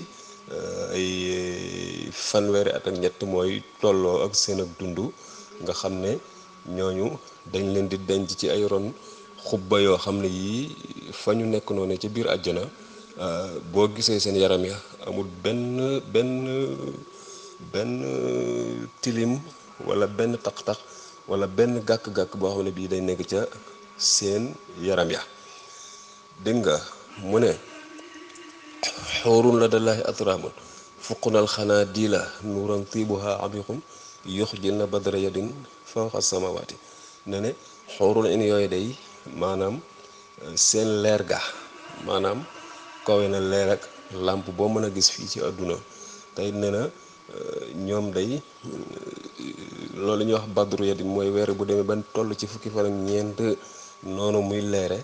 eh, ay fanweeri at ñett mooy tolloo ak seen ak dund nga xam ne ñooñu dañ leen di denc ci ay ron xubba yoo xam ne yii fa ñu nekk noonu ci biir àjjana euh, boo gisee seen yaram ya amul benn benn benn tilim walla benn taq-taq wala benn gàkk-gàkk boo xam ne bii day nekk ca seen yaram ya dégg nga mu ne xuurun la dalaahi atraamun fuqnal xanaa dii la nuuran tiibuha abiqum yox ji na badara yadin fawqa samawaati ne ne xuurul in yooyu day maanaam euh, seen leer ga maanaam kawe na leer ak làmp boo mën a gis fii ci àdduna tey nee na euh, ñoom day euh, loolu ñuy wax badru ya di mooy weer bu demee ban tollu ci fukki fan ñeent noonu muy leere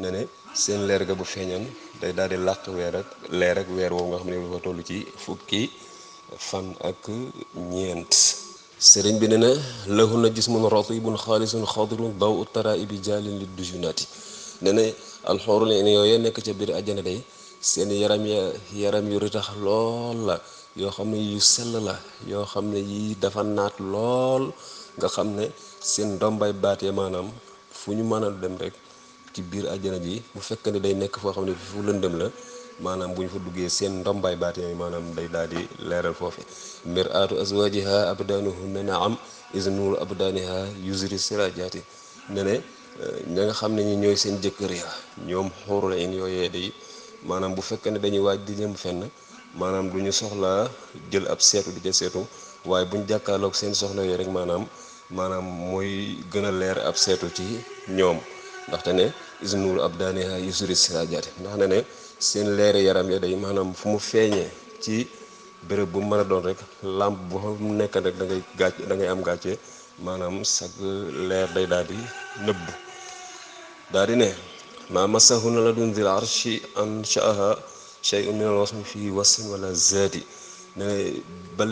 ne seen leer bu feeñoon day daal di làq weer ak leer ak weer woowu nga xam ci fukki fan ak ñeent sëriñ bi ne na gis lahunna jismun ratibun xaalisun xadirun daw u taraibi jaalin li dujunaati ne na alxoorul ne yooye nekk ca biir àjjana day seen yaram ya yaram yu ritax lool la yoo xam ne yu sell la yoo xam ne yii dafa naat lool nga xam ne seen ndombay baat ya maanaam fu ñu mën a dem rek ci biir àjjana ji bu fekk ne day nekk foo xam ne fu lëndëm la maanaam bu ñu fa duggee seen ndombaay baatin yi maanaam day daal di leeral foofe miraatu azwajiha abdaanuhunna naam is nuuru abdaaniha yusri sirajaati ne ne ña nga xam ne ñi ñooy seen jëkkër ya ñoom xuurul in yooyee day maanaam bu fekkee ne dañuy waaj di fenn maanaam du ñu soxlaa jël ab seetu di ca seetu waaye bu ñu jàkkaarloog seen soxla yooyu rek maanaam maanaam mooy gën a leer ab seetu ci ñoom ndaxte ne is nuuru abdaaniha yusri sirajaati ndax ne ne seen leer yaram ya day maanaam fu mu feeñee ci béréb bu mën a doon rek làmp bu mu nekk rek da ngay gàcc da am gàcce maanaam sag leer day daal di nëbb daal di ne maa masahu na la dun dil arshi anshaaha shay'un min al wasmi fii wasfin wala zaati ne ba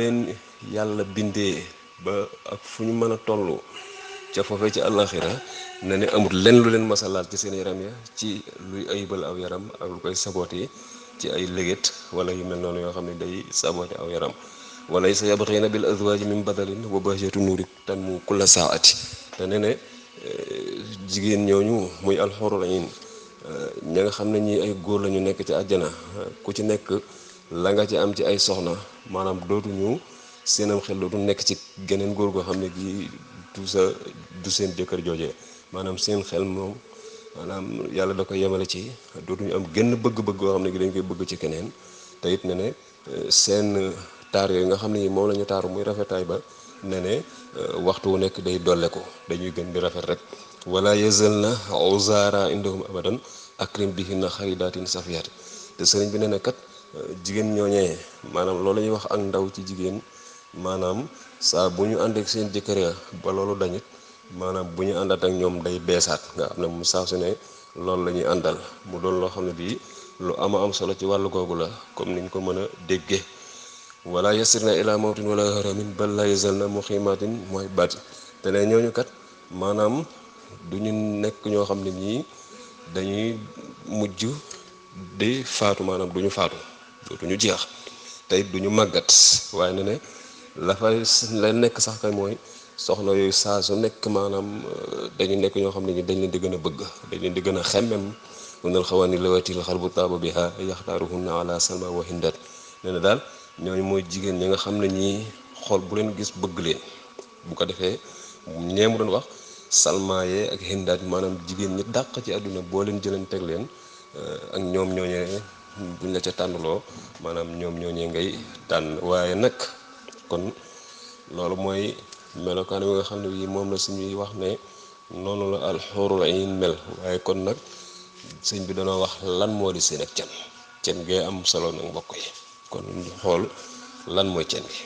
yàlla bindee ba ak fu ñu mën a toll ca foofee ci àllaaxira na ne amul lenn lu leen masalaal ci seen yaram ya ci luy ayibal aw yaram ak lu koy saboté ci ay léget wala yu mel noonu yoo xam ne day saboté aw yaram wala sa yabxiina bil azwaaji min badalin wa bahjatu nuurik tan mu kulla saati te ne ne eh, jigéen ñooñu muy alxurul ayn eh, ña nga xam ne ñi ay góor lañu nekk ci àjjana ku ci nekk la nga ci am ci ay soxna maanaam dootuñu seenam xel dootu nekk ci geneen góor goo xam ne di du sa du seen jëkkër joojee maanaam seen xel moom maanaam yàlla da ko yemale ci dootuñu am gënn bëgg-bëgg yoo xam ne gi dañ koy bëgg ci keneen te it ne ne euh, seen taar yooyu nga xam ne moom lañu taaru muy rafetaay ba ne ne euh, waxtu wu nekk day dolle ko dañuy gën di rafet rek wala yëzal na uzaara indahum abadan akrim bihinna xaridaatin safiyaat te sëriñ bi ne ne kat euh, jigéen ñooñee maanaam loolu la ñuy wax ak ndaw ci jigéen maanaam saa bu ñu ànd ak seen jëkkër ya ba loolu dañit maanaam bu ñu àndaat ak ñoom day beesaat nga xam ne mu saa su ne loolu la ñuy àndal mu doon loo xam ne bii lu ama am solo ci wàllu koogu la comme niñ ko mën a déggee wala yasirna ila mawtin wala haramin bal la yazal na muximatin mooy baati te ne ñooñu kat maanaam du ñu nekk ñoo xam ne ñii dañuy mujj di faatu maanaam du ñu faatu ñu jeex tey du ñu màggat waaye ne ne la fay la nekk sax kay mooy soxna yooyu saa su nekk maanaam euh, dañu nekk ñoo xam ne ñu dañ leen di gën a bëgg dañ leen di gën a xemmem unal xawaani lawatil xal bu taaba biha yaxtaaruhunna ala salma wa hindat nee na daal ñooñu mooy jigéen ñi nga xam ne ñii xool bu leen gis bëgg leen bu ko defee ñee mu doon wax salmaayee ak hindaat maanaam jigéen ñi dàq ci àdduna boo leen jëleen teg leen euh, ak ñoom ñooñee buñ la ca tànnloo maanaam ñoom ñooñee ngay tànn waaye nag kon loolu mooy melokaan yi nga xam ne bii moom la suñuy wax ne noonu la alxurul ayn mel waaye kon nag sëñ bi danoo wax lan moo di seen ak can can gee am solo nag mbokk yi kon xool lan mooy can gi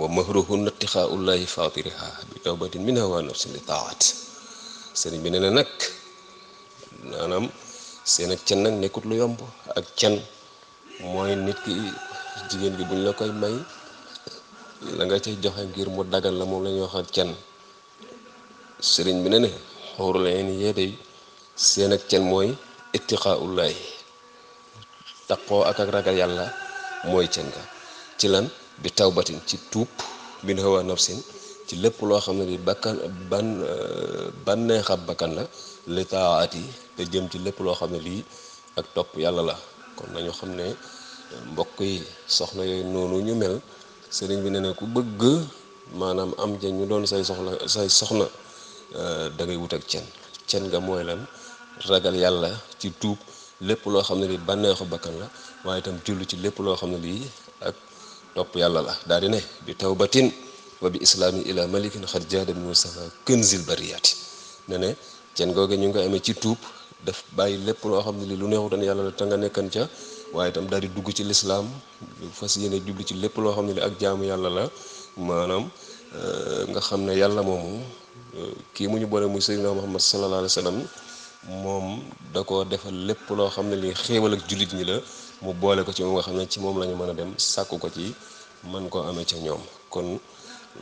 wa mahruhunna ittixaa'ullaahi faatiriha bi tawbatin minha wa nafsin bi nee na nag maanaam seen ak can nag nekkut lu yomb ak can mooy nit ki jigéen gi buñ la koy may la nga cay joxe ngir mu dagan la moom la ñuy waxal can sëriñ bi ne ne xuurul ayni yee seen ak cen mooy ittiqaaullahi taqoo ak ak ragal yàlla mooy can ga ci lan bi tawbatin ci tuub bin hawa ci lépp loo xam ne di bakkan ban bakkan la li taaat yi te jëm ci lépp loo xam ne lii ak topp yàlla la kon nañu xam ne mbokk yi soxna yooyu noonu ñu mel sëriñ bi ne ne ku bëgg maanaam am ja ñu doon say soxla say soxna euh, da ngay wut ak cen cen nga mooy lan ragal yàlla ci tuub lépp loo xam ne li bànneexu bakkan la waaye tam jullu ci lépp loo xam ne lii ak topp yàlla la daal di ne bi tawbatin wa bi islaami ila malikin xar jaadam mustafa kënzil bariyaati ne ne cen googe ñu ngi koy amee ci tuub daf bàyyi lépp loo xam ne li lu neexutoon yàlla la te nga nekkan ca waaye itam daal di dugg ci lislaam fas yéene jublu ci lépp loo xam ne li ak jaamu yàlla la maanaam euh, nga xam ne yàlla moomu euh, kii mu ñu boole muy Seydina Muhammad sallallahu alayhi wa sallam moom da defal lépp loo xam ne li xéewal ak jullit ñi la mu boole ko ci moom nga xam ne ci moom la ñu mën a dem sàkku ko ci man koo amee ca ñoom kon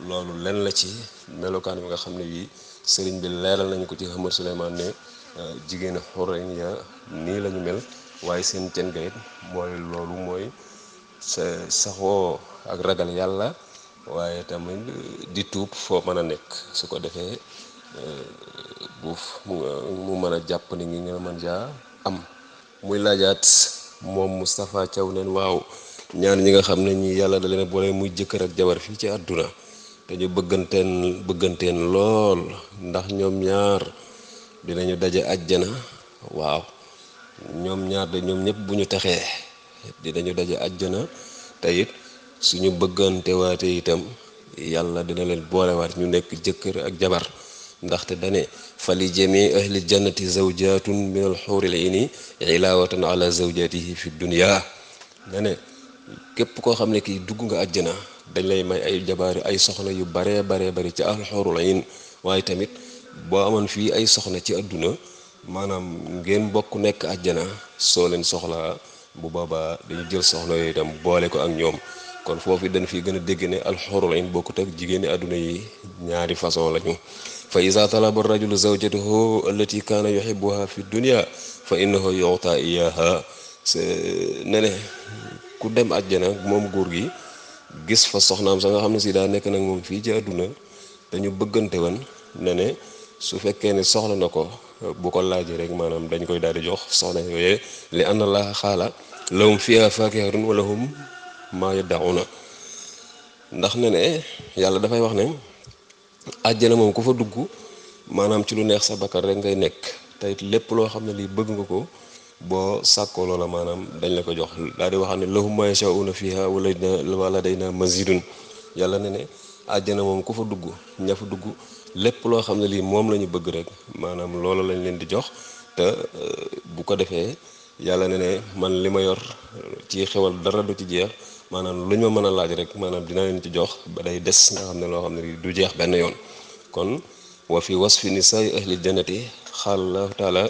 loolu lenn la ci melokaan bi nga xam ne bii sëriñ bi leeral nañu ko ci Ahmad Souleymane ne euh, jigéen xurayn ya nii la mel waaye seen cën ga mooy loolu mooy sa saxoo ak ragal yàlla waaye tamit di tuub foo mën a nekk su ko defee eh, buuf mu mën a jàpp ni ngi nga mën jaa am muy laajaat moom Moustapha Thiaw neen waaw ñaan ñi nga xam ne ñi yàlla da leen boole muy jëkkër ak jabar fii ci àdduna dañu ñu bëgganteen bëgganteen lool ndax ñoom ñaar dinañu daje àjjana waaw ñoom ñaar de ñoom ñëpp bu ñu taxee dinañu daje àjjana te it suñu bëggante waate itam yàlla dina leen boolewaat ñu nekk jëkkër ak jabar ndaxte dane fa li jamii ahli jannati zawjatun min al xuuril ini ilaawatan ala zawjatihi fi dunia dane képp koo xam ne kii dugg nga àjjana dañ lay may ay jabaari ay soxna yu baree baree bari ci al xuuril in waaye tamit boo amoon fii ay soxna ci àdduna maanaam ngeen bokk nekk àjjana soo leen soxlaa bu boobaa dañu jël soxla yooyu itam boole ko ak ñoom kon foofu dañ fi gën a dégg ne alxurul ayn bokkut ak jigéeni àdduna yi ñaari façon lañu fa iza talaba rajulu zawjatahu allati kaana yuhibbuha fi dunya fa innahu yu'ta iyaha ne ku dem àjjana moom góor gi gis fa soxnaam sa nga xam ne si daa nekk nag moom fii ci àdduna dañu bëggante woon ne su fekkee ne soxla na ko bu ko laajee rek maanaam dañ koy daal di jox soxna yooyee li anna laaha xaala lahum fiha faakihatun wa lahum maa yaddauna ndax ne ne eh, yàlla dafay wax ne àjjana moom ku fa dugg maanaam ci lu neex sa bakkan rek ngay nekk te lépp loo xam ne lii bëgg ko boo sàkkoo loola maanaam dañ la ko jox daal di waxam ne lahum maa yashaa'uuna fiihaa wa ladaynaa ne ne àjjana moom ku fa dugg ña fa dugg lépp loo xam ne lii moom la ñu bëgg rek maanaam loolu lañ leen di jox te euh, bu ko defee yàlla ne ne man li ma yor ci xewal dara du ci jeex maanaam lu ñu ma mën a laaj rek maanaam dina leen ci jox ba day des nga xam ne loo xam ne lii du jeex benn yoon kon wa fi was fi wasfi nisaai ahli jannati xaal allahu taala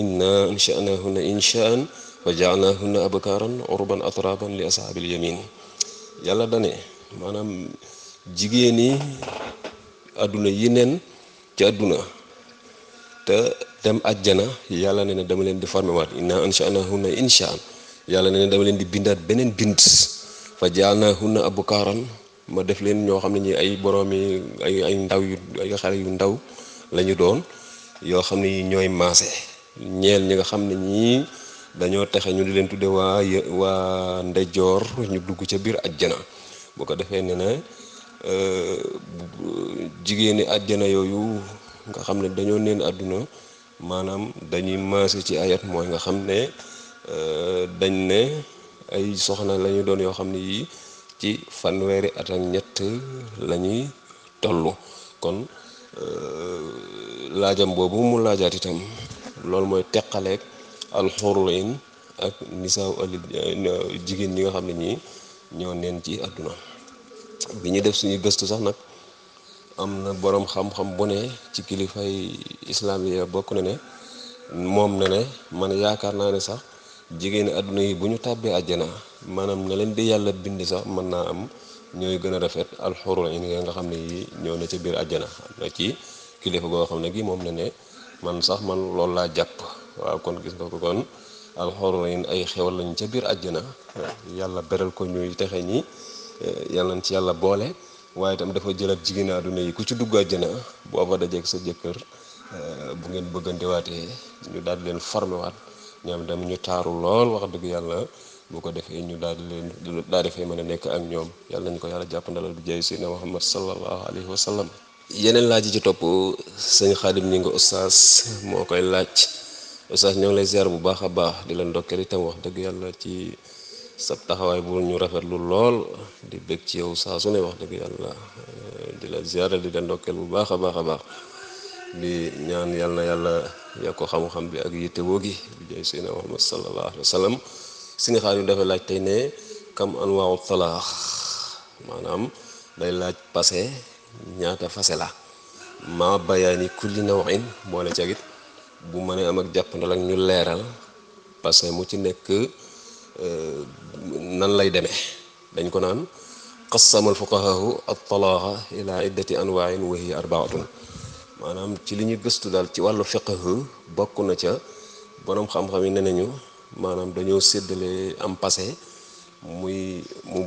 inna ansha'nahunna inshaan wa ja'alnahunna abkaaran urban atraban li ashaabil yamin yàlla dane maanaam jigéen yi àdduna yeneen ci àdduna te dem àjjana yàlla ne ne dama leen di formé waat inna anshanahunna inshaan yàlla ne ne dama leen di bindaat beneen bind fa abu abkaaran ma def leen ñoo xam ne ñi ay boroomi ay ndaw yu ay yu ndaw lañu doon yoo xam ne ñooy maase ñeel ñi nga xam ne ñii dañoo texe ñu di leen tudde waa waa ndejoor ñu dugg ca biir àjjana boo ko defee ne ne Euh, jigéeni àjjana yooyu nga xam ne dañoo neen àdduna maanaam dañuy maase ci ayat mooy nga xam ne euh, dañ ne ay soxna lañu doon yoo xam ne yii ci fanweeri at ñett lañuy tollu kon euh, laajam boobu mu laajaat itam loolu mooy teqaleek alxurul ak nisaaw ali jigéen ñi nga xam ne ñi ñoo neen ci àdduna bi ñu def suñu gëstu sax nag am na boroom xam-xam bu ne ci kilifay islam yi bokk na ne moom na ne man yaakaar naa ne sax jigéeni àdduna yi bu ñu tàbbee àjjana maanaam na leen di yàlla bind sax mën naa am ñooy gën a rafet alxurul in nga xam ne yi ñoo ne ca biir àjjana am na ci kilifa goo xam ne gi moom na ne man sax man lool laa jàpp waaw kon gis nga ko kon alxurul in ay xewal lañ ca biir àjjana yàlla beral ko ñuy texe ñi Eh, yal nañ ci yàlla boole waaye itam dafa jël jëlaat jigéen àdduna yi ku ci dugg àjjana booba dajeeg sa jëkkër eh, bu ngeen bëggantewaatee ñu daal di leen formé ñoom itam ñu taaru lool wax dëgg yàlla bu ko defee ñu daal di leen daal defee mën a nekk ak ñoom yàlla nañ ko yàlla jàpp ndalal bi jaay seydina Muhammad sallallahu alayhi wa sallam. yeneen laaj yi ci topp sëñ Xaadim ñi nga oustaz moo koy laaj oustaz ñoo ngi lay ziar bu baax a baax di leen ndokkeel itam wax dëgg yàlla ci. sab taxawaay bu ñu lu lool di bëgg ci yow saa su ne wax dëgg yàlla eh, di la ziyaara di la ndokkeel bu baax a baax a baax di ñaan yàlla na yàlla yokk ko xam bi ak yittewoo gi bi jooy Seydina Muhammad sallallahu alayhi xaar yu dafa laaj tey ne kam anwaawu talaax maanaam day laaj passé ñaata fase la maa bayaani kulli nawin boole cagit bu mënee am ak jàpp ndal ak ñu leeral passé mu ci nekk Euh, nan lay demee dañ ko naan qassama alfuqahaahu at-talaaqa ila iddati anwain wa hiya arbaatun maanaam ci li ñuy gëstu daal ci wàllu fiqh bokk na ca borom xam-xam yi ne nañu maanaam dañoo séddale am passé muy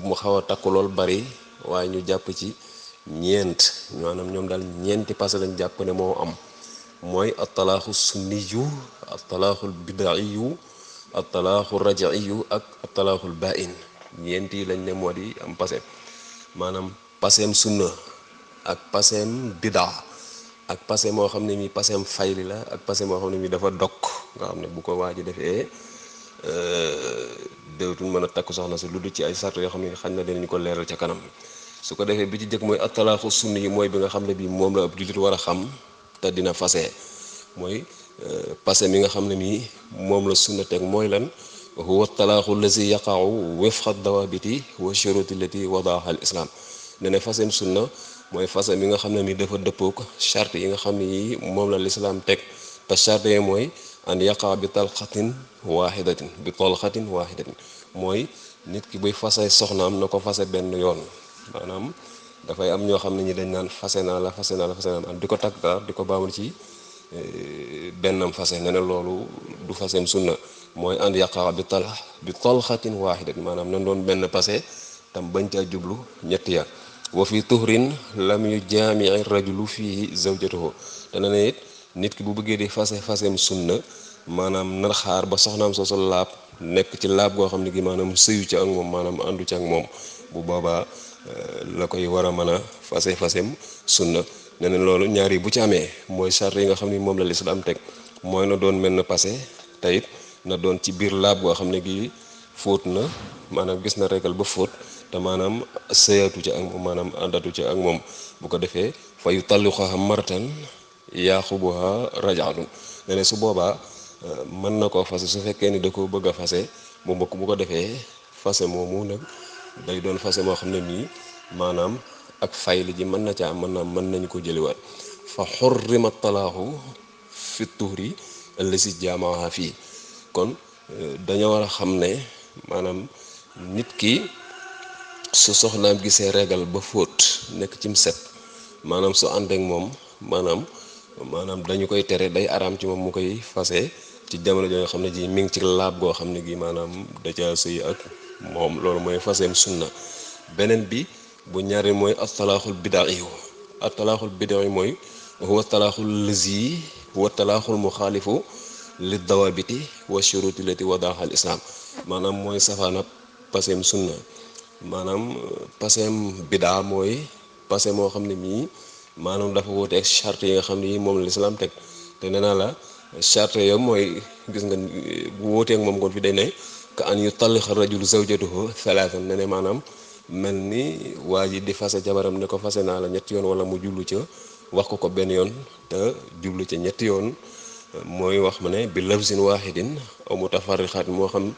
mu xaw a takku lool bari waaye ñu jàpp ci ñeent maanaam ñoom daal ñeenti passé lañ jàpp ne moo am mooy at-talaaxu sunniyu at-talaaxul bidaiyu atalaaxul rajiiyu ak atalaaxul bain ñeent yi lañ ne moo di am passé maanaam passeem sunna ak passeem bidaa ak passé moo xam ne mi passeem fayli la ak passé moo xam ne mi dafa dok nga xam ne bu ko waa ji defee euh, dootul mën a takk soxna si lu dul ci ay sart yoo xam ne xañ na ñu ko leeral ca kanam su ko defee bi ci jëkk mooy atalaaxu sunni yi mooy bi nga xam ne bii moom la ab jullit war a xam te dina fase mooy passé mi nga xam ne mii moom la sunna teg mooy lan huwa talaaxu lazi yaqaawu wifqa dawabiti wa shuruti lati wadaaha al islam ne ne fasem sunna mooy fase mi nga xam ne mi dafa dëppook charte yi nga xam ne yi moom la lislaam teg te charte yi mooy an yaqaa bi talxatin waaxidatin bi talxatin waaxidatin mooy nit ki buy soxna am na ko fase benn yoon maanaam dafay am ñoo xam ne ñi dañ naan fase naa la fase naa la fase naa la di ko takkaar di ko baamul ci bennam fase ne ne loolu du fasem sunna mooy ànd yaqaa bi tal bi talxatin waaxidat maanaam nan doon benn pase tam bañ caa jublu ñetti ya wa fi tuhrin lam yu jaamii rajulu fii zawjatahu dana ne it nit ki bu bëggee di fase fasem sunna maanaam nar xaar ba soxnaam soosu laab nekk ci laab goo xam ne gi maanaam sëyu ci ak moom maanaam àndu ci ak moom bu boobaa eh, la koy war a mën a fase fasem sunna nee na loolu ñaar yi bu ci amee mooy charte yi nga xam ne moom la la lislaam teg mooy na doon mel na passé te na doon ci biir laab goo xam ne gii fóot na maanaam gis na régal ba fóot te maanaam sëyaatu ci ak moom maanaam àndatu ci ak moom bu ko defee fa yu talliqoha maratan yaaxubuha rajaanun nee na su boobaa euh, mën na koo fase su fekkee ni da ko bëgg a fase mu mbokk bu ko defee fase moomu nag day doon fase moo xam ne nii maanaam ak fayli ji mën na ca am mën naa mën nañu ko jëliwaat fa xurrima talaaxu fi tuhri lësi jaamaaha fii kon eh, dañoo war a xam ne maanaam nit ki su soxnaam gisee regal ba fóot nekk cim set maanaam su àndeek moom maanaam maanaam dañu koy tere day araam ci moom mu koy fase ci jamono joo nga xam ne ji mi ngi ci laab goo xam ne gi maanaam da ca sëy ak moom loolu mooy faseem sunna beneen bi bu ñaareel mooy atalaaxul bidaa iyu atalaaxul bidaa yi mooy huwa talaaxul lazi huwa talaaxul muxaalifu li dawaabiti wa shuruuti lati wadaaxal islaam maanaam mooy safaanab paseem sunna maanaam paseem bidaa mooy pase moo xam ne mii maanaam dafa woote ak yi nga xam ne yi moom la lislaam teg te nee la charte ya mooy gis nga bu wootee ak moom kon fi day ne ka an yu tallixa rajul zawjatahu salaatan ne ne maanaam mel ni waa ji di fase jabaram ne ko fasse naa la ñetti yoon wala mu jublu ca wax ko ko benn yoon te jublu ca ñetti yoon mooy wax ma ne bi lafzin waahidin aw mutafarriqaat moo xam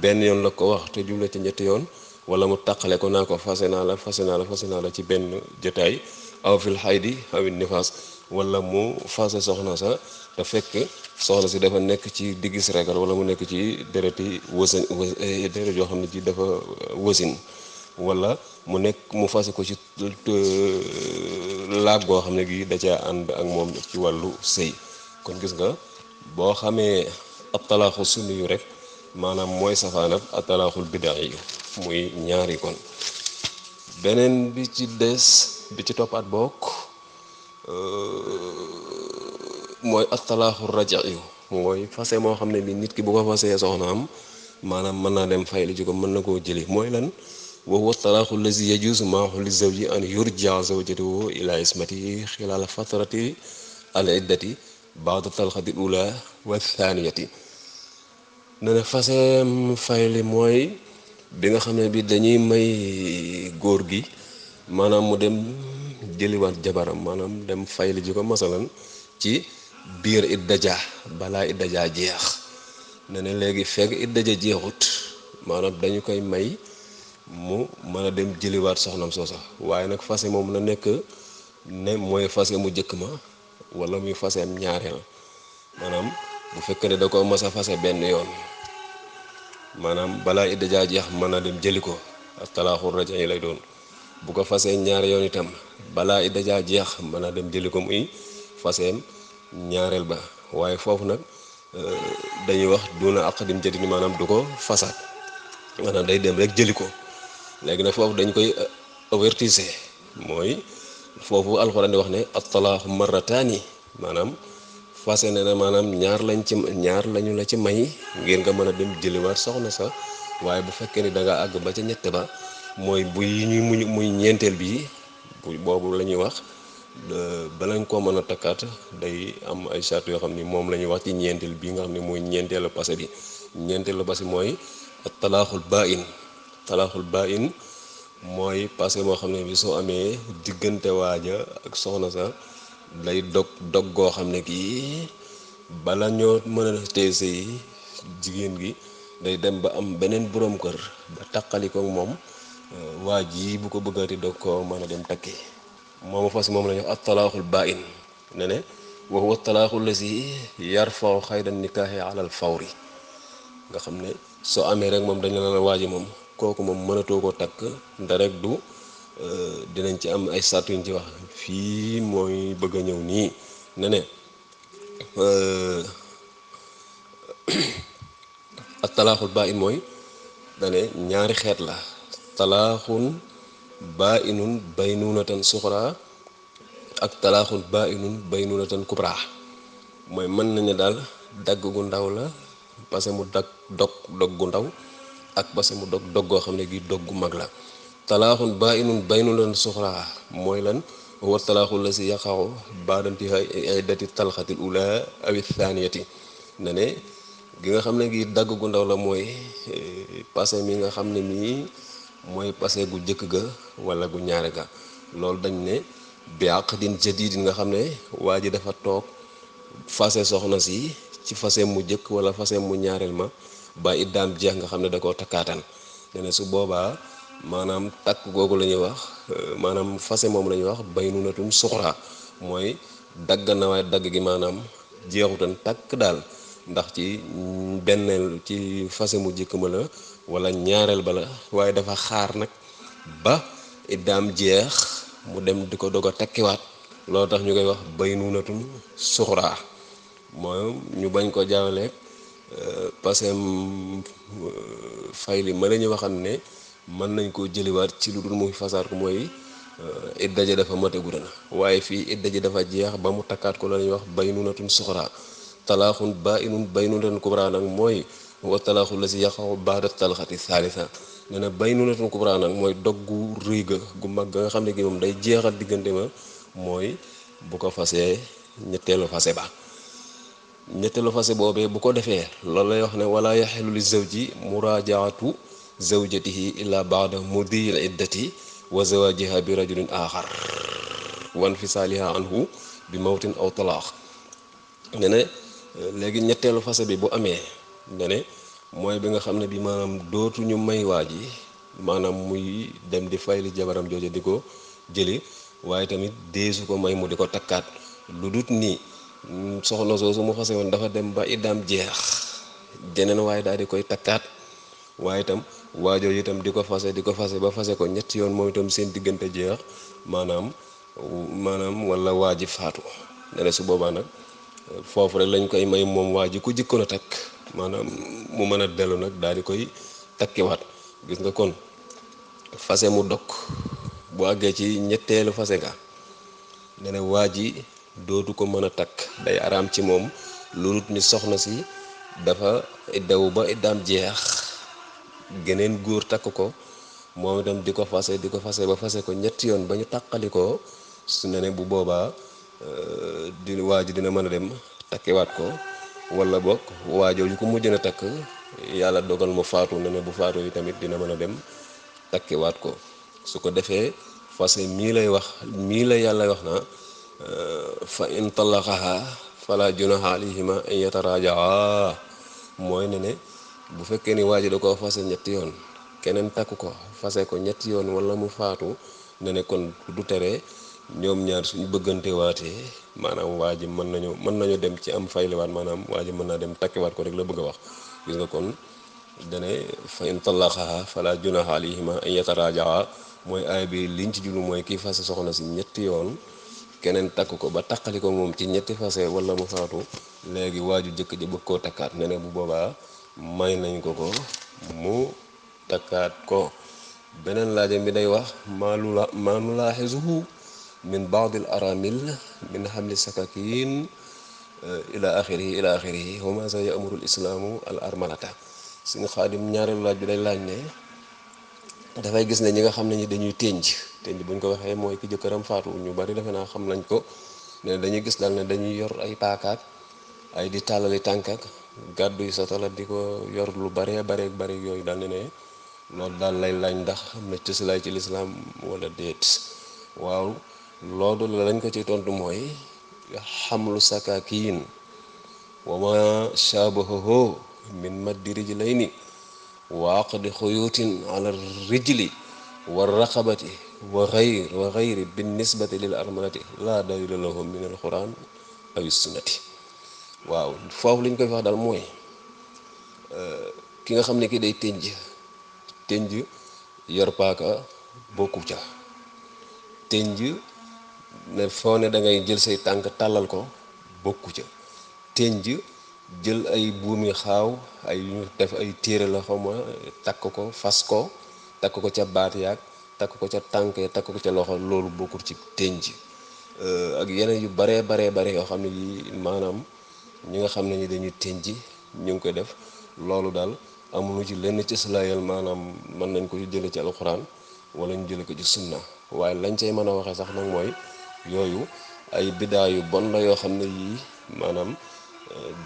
benn yoon la ko wax te jullu ca ñetti yoon wala mu taqale ko naa ko fase naa la fase naa la fase naa ci benn jotaay aw fil xaydi awit nifaas wala mu fase soxna sa te fekk soxna si dafa nekk ci diggis regal wala mu nekk ci deret yi wasin eh, deret yoo xam ne ci dafa eh, wasin wala mu nekk mu fase ko ci laab boo xam ne gi da caa ànd ak moom ci wàllu sëy kon gis nga boo xamee ab talaaxu sunni yu rek maanaam mooy safaanab ab talaaxul bidaa yi muy ñaari kon beneen bi ci des bi ci toppaat bokk euh, mooy ab talaaxul raja yu mooy fase moo xam ne bi nit ki bu ko fasee soxnaam maanaam mën naa dem fay li ji mën na koo jëli mooy lan wa huwa talaaxu lazi yajuuzu maahu li zawji an yurja zawjatahu ila ismatihi xilaal fatrati al iddati baada talxati ula wa thaniyati ne na faseem fayli mooy bi nga xam ne bi dañuy may góor gi maanaam mu dem jëliwaat jabaram maanaam dem fay ji ko masalan ci biir idda ja balaa idda jeex ne léegi fekk idda ja jeexut maanaam dañu koy may mu mën a dem jëliwaat soo soosa waaye nag fase moom na nekk ne mooy fase mu jëkk ma wala muy fase am ñaareel maanaam bu fekkee ne da ko mas a fase benn yoon maanaam balaa idda jaa jeex mën a dem jëli ko ak rajo yi lay doon bu ko fasee ñaari yoon itam balaa idda jaa jeex mën a dem jëli ko muy faseem ñaareel ba waaye foofu nag eh, dañuy wax duna aqdim jëndi maanaam du ko fasaat maanaam day dem rek jëli ko léegi nag foofu dañ koy euh, avertise mooy foofu alxuraan di wax ne attalaaxu marrataani maanaam fase ne na maanaam ñaar lañ ci ñaar lañu la ci may ngir nga mën a dem jëliwaat soxna sa waaye bu fekkee ni da nga àgg ba ca ñett ba mooy bu yi ñuy mu muy ñeenteel bi bu boobu la ñuy wax euh, balañ koo mën a takkaat day am ay charte yoo xam ni moom la ñuy wax ci ñeenteel bii nga xam ne mooy ñeenteelu passé bi ñeenteelu ba si mooy talaaxul baa in talaaxul baa in mooy passé moo xam ne bi soo amee diggante waaja ak soxna sa day dog dog goo xam ne kii bala ñoo mën a tey sëy jigéen gi day dem ba am beneen boroom kër ba taqali ko moom euh, waa ji bu ko bëggati dog ko mën a dem takki moomu fas moom la ñu at talaaxul baa in ne ne wa huwa talaaxu lasi yarfaw xayra nikaaxi alal fawri nga xam ne soo amee rek moom dañu la la waaji moom kooku moom mënatoo ko takk nda rek du euh, dinañ ci am ay sart yuñ ci wax fii mooy bëgg a ñëw nii ne ne euh, ak talaaxul baa mooy dane ñaari xeet la talaaxun baa inun bay nuunatan suxra ak talaaxun baa inun bay nuunatan kubra mooy mën nañu daal dagg gu ndaw la parce que mu dagg dog dog ndaw ak basi mu dog dog goo xam ne gi dog gu mag la talaaxun baa inun nu lan suxraa mooy lan wa talaaxu la si yaqaxu baadanti iddati talxatil ula awi thaniyati na ne gi nga xam ne gi dagg gu ndaw la mooy e, passé mi nga xam ne mii mooy passé gu jëkk ga wala gu ñaare ga loolu dañ ne bi aqdin jadidin nga xam ne waa ji dafa toog fase soxna si ci fase mu jëkk wala fase mu ñaareel ma ba iddaam jeex nga xam ne da koo takkaatan ne su boobaa maanaam takk googu la ñuy wax euh, maanaam fase moom la ñuy wax baynunatum suxraa mooy dagg na dagg gi maanaam jeexutan takk daal ndax ci benneel ci fase mu jëkk ma wala ñaareel ba waaye dafa xaar nag ba iddaam jeex mu dem di ko doog a takkiwaat loolu tax ñu koy wax baynunatum suxraa mooy ñu bañ koo jaawaleeg passem euh, fay li ma la ñu waxan ne mën nañ koo jëliwaat ci lu dul muy fasaar ko mooy euh, it daje dafa matagura na waaye fii it daje dafa jeex ba mu takkaat ko la ñuy wax baynunatun suxraa talaaxun ba inun baynunatun kubraa nag mooy wa talaaxu la si yàqaw baada talaxati saalisa nee na baynunatun kubraa nag mooy doggu rëy ga gu mag ga nga xam ne gi moom day jeexal diggante ma mooy bu ko fasee ñetteelu fase ba ñetteelu fase boobee bu ko defee loolu lay wax ne wala yaxelu li zawji muraajaatu zawjatihi illa baada mudil iddati wa zawaajiha bi rajulin aaxar wan fi saaliha anhu bi mawtin aw talaax ne ne léegi ñetteelu fase bi bu amee ne ne mooy bi nga xam ne bi maanaam dootuñu may waa ji maanaam muy dem di fay fayli jabaram jooja di ko jëli waaye tamit deesu ko may mu di ko takkaat lu dut nii Mm, soxna su mu fase woon dafa dem ba iddaam jeex jeneen waaye daal di koy takkaat waaye itam yi itam di ko fase di ko fase ba fase ko ñetti yoon moom itam seen diggante jeex maanaam maanaam walla waa ji faatu ne su boobaa nag foofu rek lañ koy may moom waa ji ku jikkoon a takk maanaam mu mën a dellu nag daal di koy takkiwaat gis nga kon fase mu dog bu àggee ci ñetteelu fase ga ne waa ji dootu ko mën a takk day araam ci moom lurut ni soxna si dafa iddawu ba iddaam jeex geneen góor takk ko moom itam di ko fase di ko fase ba fase ko ñetti yoon ba ñu tàqali ko su ne bu boobaa euh, di waa ji dina mën a dem takkiwaat ko wala boog waajoo yu ko mujj na takk yàlla dogal mu faatu ne ne bu faatu yi tamit dina mën a dem takkiwaat ko su ko defee fase mii lay wax mii la yàlla wax na Euh, fa in talaqaha fala junaha alayhima an yatarajaa mooy ne ne fekkee ni waa ji da ñetti yoon keneen takku ko fase ko ñetti yoon wala mu faatu ne ne du tere ñoom ñaar suñu bëggante waatee maanaam waa ji mën nañu mën nañu dem ci am fayliwaat maanaam waa ji mën naa dem takkiwaat ko rek la bëgg a wax gis nga kon dane fa in talaqaha fala junaha alayhima an yatarajaa mooy aay bi liñ ci julu mooy kii fase soxna si ñetti yoon keneen takk ko ba taqali ko moom ci ñetti fase wala mu faatu léegi waaju jëkk ji bëgg koo takkaat ne ne bu boobaa may nañ ko ko mu takkaat ko beneen laajam bi day wax maanu la maanu laaxisuhu min baadil aramil min xamli sakakin eh, ila axirihi ila axirihi wa ma sa ya'muru al islaamu al armalata suñu xaadim ñaareelu laaj bi day laaj ne dafay gis ne ñi nga xam ne ñi dañuy tënj tënj buñ ko waxee mooy ki jëkkëram faatu ñu bari defe naa xam nañ ko ne dañuy gis daal ne dañuy yor ay paakaak ay di tàllali tànk ak gàddu yi sa tala di ko yor lu baree baree bari yooyu daal ne ne loolu daal lay laaj ndax métti si laay ci lislaam wala déet waaw loolu la lañ ko ci tontu mooy xamlu sakaakiin wa ma shaabahahu min maddi rijlayni wa aqdi xuyutin ala rijli wa raqabati wa xayr wa xayri binnisbati lil armaati laa dalila lahum min alquran aw sunnati waaw foofu li koy wax daal mooy ki nga xam ne kii day tënj tënj yor paaka bokku ca tënj ne foo ne da ngay jël say tànk tàllal ko bokku ca tënj jël ay buumi xaaw ay ñu def ay téere la xaw ma takk ko fas ko takk ko ca baat yaag takk ko ca tànk ya takk ko ca loxo loolu bokkul ci tënj euh, ak yeneen yu baree baree bare yoo xam ne yi maanaam ñi nga xam ne ni dañuy tënj ñu ngi koy def loolu daal amuñu ci lenn ci sëlaayal maanaam mën nañ ko ci jële ci alxuraan wala ñu jële ko ci sunna waaye lañ cay mën a waxee sax nag mooy yooyu ay bidaa yu bon la yoo xam ne yii maanaam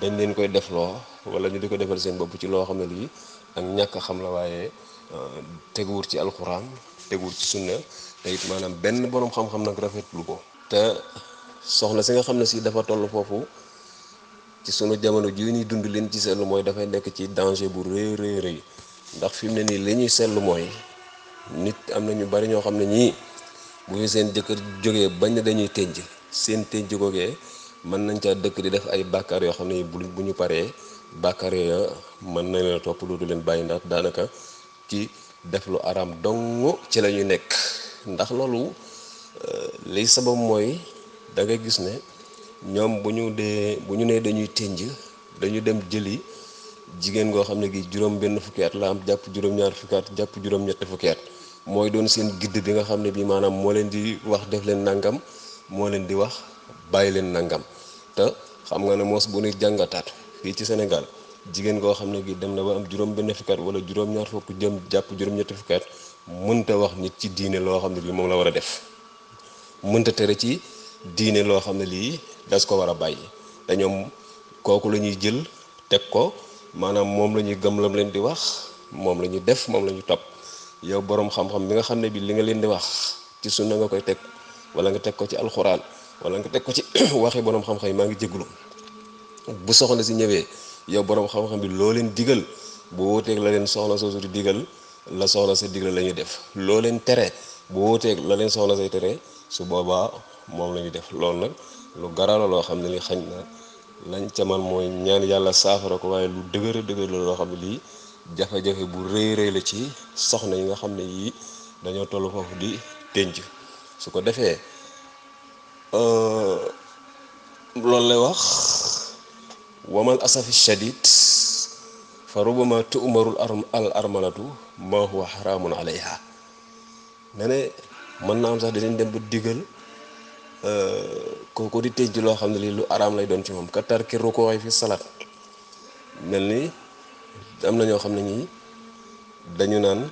dañ leen koy def loo wala ñu di ko defal seen bopp ci loo xam ne lii ak ñàkk xam la waaye euh, teguwul ci alxuraan teguwul ci sunna te maanaam benn borom xam-xam nag rafetlu ko. te soxna si nga xam ne si dafa toll foofu ci sunu jamono ji ñuy dund leen ci seetlu mooy dafay nekk ci danger bu rëy rëy rëy ndax fi mu ne nii li ñuy seetlu mooy nit am na ñu bari ñoo xam ne ñii bu ñu seen jëkkër jógee bañ na dañuy tënj seen tënj googee. mën nañ ca dëkk di def ay bàkkaar yoo xam ne bu ñu paree bàkkaar yooya ah, mën nañ leen topp dootu leen bàyyi ndax daanaka ci def lu araam dong ci la ñu nekk ndax loolu eh, liy sabab mooy dangay gis ne ñoom bu ñu dee bu ñu nee dañuy tënj dañu dem jëli jigéen goo xam ne gi juróom benn fukki at la am jàpp juróom-ñaar fukki at jàpp juróom-ñetti fukki at mooy doon seen gidd bi nga xam ne bi maanaam moo leen di wax def leen nangam moo leen di wax bàyyi leen nangam te xam nga ne moos bu nu jàngataat lii ci Sénégal jigéen goo xam ne gi dem na ba am juróom benn fukki at juróom ñaar fukk jëm jàpp juróom ñetti fukki at mënta wax nit ci diine loo xam ne lii moom la war a def tere ci diine loo xam ne lii das ko war a bàyyi dañoom kooku la ñuy jël teg ko maanaam moom la ñuy gëm leen di wax moom la ñuy def moom la ñuy topp yow boroom xam-xam bi nga xam ne bii li nga leen di wax ci na nga koy teg wala nga teg ko ci alxuraan wala nga teg ko ci waxee borom xam-xam yi maa ngi jéglu bu soxna si ñëwee yow borom xam-xam bi loo leen diggal bu wóoteeg la leen soxna soosu di digal la soxna sa la ñuy def loo leen tere bu wóoteeg la leen soxna say tere su boobaa moom la ñuy def loolu nag lu garala loo xam ne li xañ na lañ ca man mooy ñaan yàlla saafara ko waaye lu dëgëra dëgër la loo xam ne lii jafe-jafe bu rëy rëy la ci soxna yi nga xam ne yii dañoo toll foofu di tënc su ko defee Euh, loolu lay wax wamal asafi shadid fa rubama tu'marul al armalatu ma huwa xaraamun alayha ne ne mën naa am sax dinañ dem ba digal euh, kooku di tëj loo xam ne lii lu araam lay doon ci moom katar ki rukoy fi salaat mel ni am na ñoo xam ne ñi dañu naan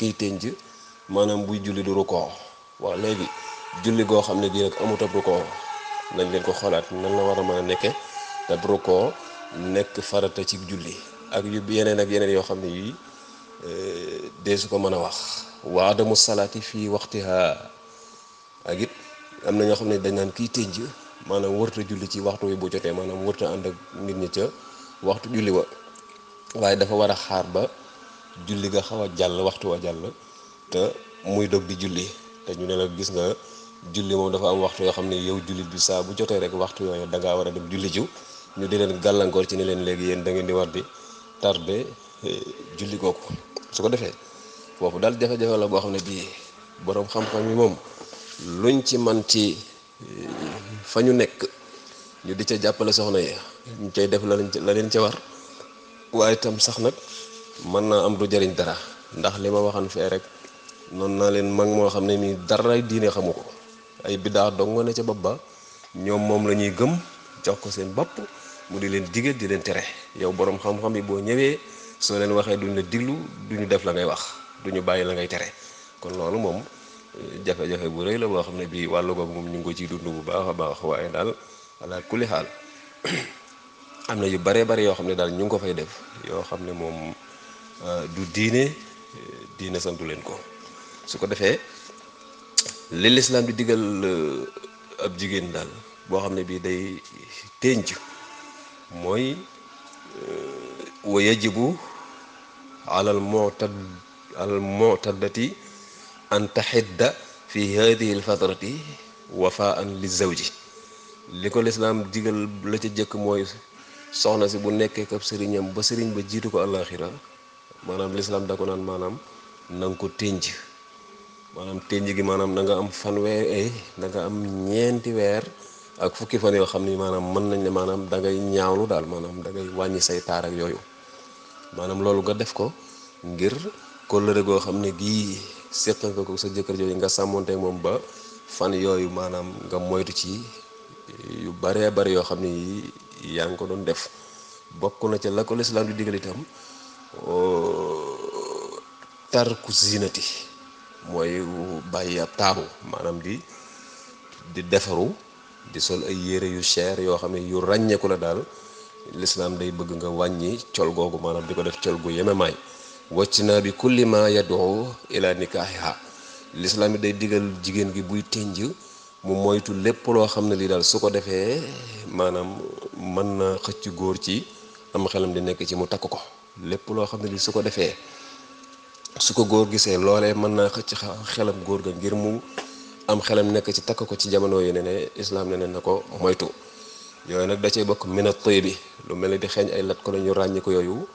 kiy tënj maanaam buy julli du rukoo waaw léegi julli goo xam ne gii nag amut ab rukkoo nañ leen ko xoolaat nan la war a mën a nekke te rukkoo nekk farata ci julli ak yu yeneen ak yeneen yoo xam ne yi yii eh, deesu ko mën a wax wa adamu salaati fii waxtiha ak it am na xam ne dañ naan kiy tënj maanaam wërta julli ci waxtu wi bu jotee maanaam wërta ànd ak nit ñi ca waxtu julli wa waaye dafa war a xaar ba julli nga xaw a jàll waxtu wa jàll te muy dog di julli te ñu ne la gis nga julli moom dafa am waxtu yoo xam ne yow jullit bi saa bu jotee rek waxtu yooyu da war a dem julli ju ñu di leen gàllankoor ci ni leen léegi yéen da ngeen di war di tardé eh, julli kooku su ko defee foofu dal jafe-jafe la boo xam ne bii boroom xam-xam moom luñ ci man ci eh, fa ñu nekk ñu ca jàppale soxna yi ñu def la la leen ca war waaye itam sax nag mën naa am du jariñ dara ndax li ma waxan fee rek noonu naa leen mag moo xam ne nii dara diine xamu ko ay biddaa dong ne ca bopp ba ñoom moom la ñuy gëm jox ko seen bopp mu di leen digal di leen tere yow boroom xam-xam yi boo ñëwee soo leen waxee duñ la diglu duñu def la ngay wax duñu bàyyi la ngay tere kon loolu moom eh, jafe-jafe bu rëy la boo xam ne bii wàll googu moom ñu ngi ko ciy dund bu baax a baax waaye daal ala kulli xaal am na yu bare bare yoo xam ne daal ñu ngi ko fay def yoo xam ne moom eh, du diine eh, diine santu leen ko su ko defee li lislaam di digal euh, ab jigéen daal boo xam ne bii day tënc mooy euh, wa yajibu alal mutad alal mutadati an taxidda fi hadihi alfatrati wafaan li zawji li ko lislaam digal la ca jëkk mooy soxna si bu nekkee ab sëriñam ba sëriñ ba jiitu ko àllaaxira maanaam lislaam da ko naan maanaam na ko tënc maanaam tënj gi maanaam da nga am fanweeri ay eh, da nga am ñeenti weer ak fukki fan yoo xam ne maanaam mën nañ ne maanaam da ngay ñaawlu daal maanaam da ngay wàññi say taar yooyu maanaam loolu nga def ko ngir kóllëre goo xam ne gii seq nga ko sa jëkkër jooju nga sàmmonteeg moom ba fan yooyu maanaam nga moytu ci yu baree bari yoo xam ne yi yaa ngi ko doon def bokk na ca la ko lislaam di digal itam tarku zinati mooy bàyyi ab taaru maanaam di di defaru di sol ay yére yu cher yoo xam ne yu ràññeeku la daal lislaam day bëgg nga wàññi col googu maanaam di ko def col gu yememaay wàcc naa bi kulli ma yadoo ila nikaahiha lislaam yi day digal jigéen gi buy tënj mu moytu lépp loo xam ne lii daal su ko defee maanaam mën na xëcc góor ci am xelam di nekk ci mu takk ko lépp loo xam ne lii su ko defee su ko góor gisee loolee mën naa xëcc xelam góor ga ngir mu am xelam nekk ci takk ko ci jamono yu ne ne islaam ne na ko moytu yooyu nag da cee bokk mina toy bi lu mel ni di xeeñ ay lat ko ñu ràññi ko yooyu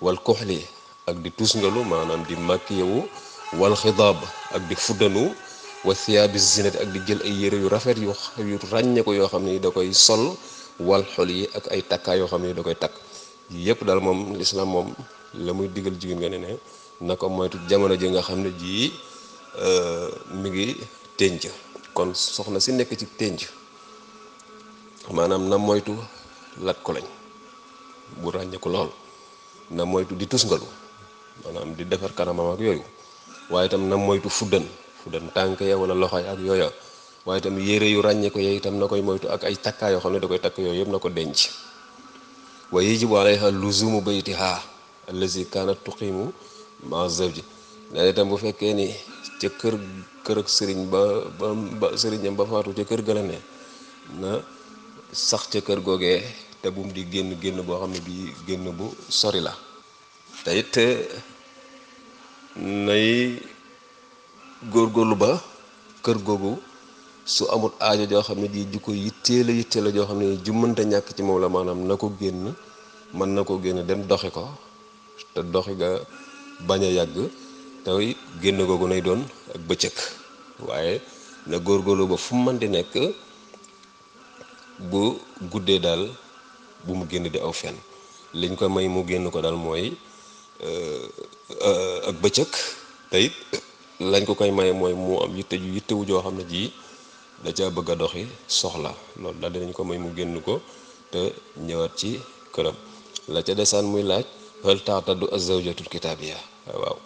wal kuxli ak di tusngalu maanaam di màkk yowu wal xidaab ak di fuddanu wa thiyaabi zinati ak di jël ay yére yu rafet yu yu ràññe yoo xam ni da koy sol wal xol yi ak ay takkaay yoo xam ne da koy takk yépp daal moom lislaam moom la muy digal jigéen nga ne na ko moytu jamono ji nga xam ne jii euh, mu ngi tënc kon soxna si nekk ci tënc maanaam na moytu lat ko lañ bu ràññeeku lool na moytu di tusngalu maanaam di defar kanamam ak yooyu waaye itam na moytu fuddan fuddan tànk ya wala loxo ya ak yooya waaye itam yére yu ràññeeku ya itam na koy moytu ak ay takkaay yoo xam ne da koy takk yooyu yëpp na ko denc wa yajibu alayha luzumu baytiha allazi kaanat tuqimu ma zawji léegi itam bu fekkee ni ca kër kër ak sëriñ ba ba sëriñam ba faatu ca kër ga ne na sax ca kër googee te bum di génn génn boo xam ne bii génn bu sori la te it nay góorgóorlu ba kër googu su amut aajo joo xam ne ji ju ko yittee la yittee la joo xam ne ju ñàkk ci moom la maanaam na ko génn mën na ko génn dem doxi ko te doxi ga bañ a yàgg te génn googu nay doon ak bëccëg waaye na góorgóorlu ba fu mu mën di nekk bu guddee daal bu mu génn di aw fen liñ ko may mu génn ko daal mooy euh, euh, ak bëccëg te lañ ko koy maye mooy mu am yitte yittewu joo xam ne jii da ca bëgg a doxi soxla loolu daal dinañ ko may mu génn ko te ñëwaat ci këram la ca desaan muy laaj hal du azawjatul kitaabiya ah, waaw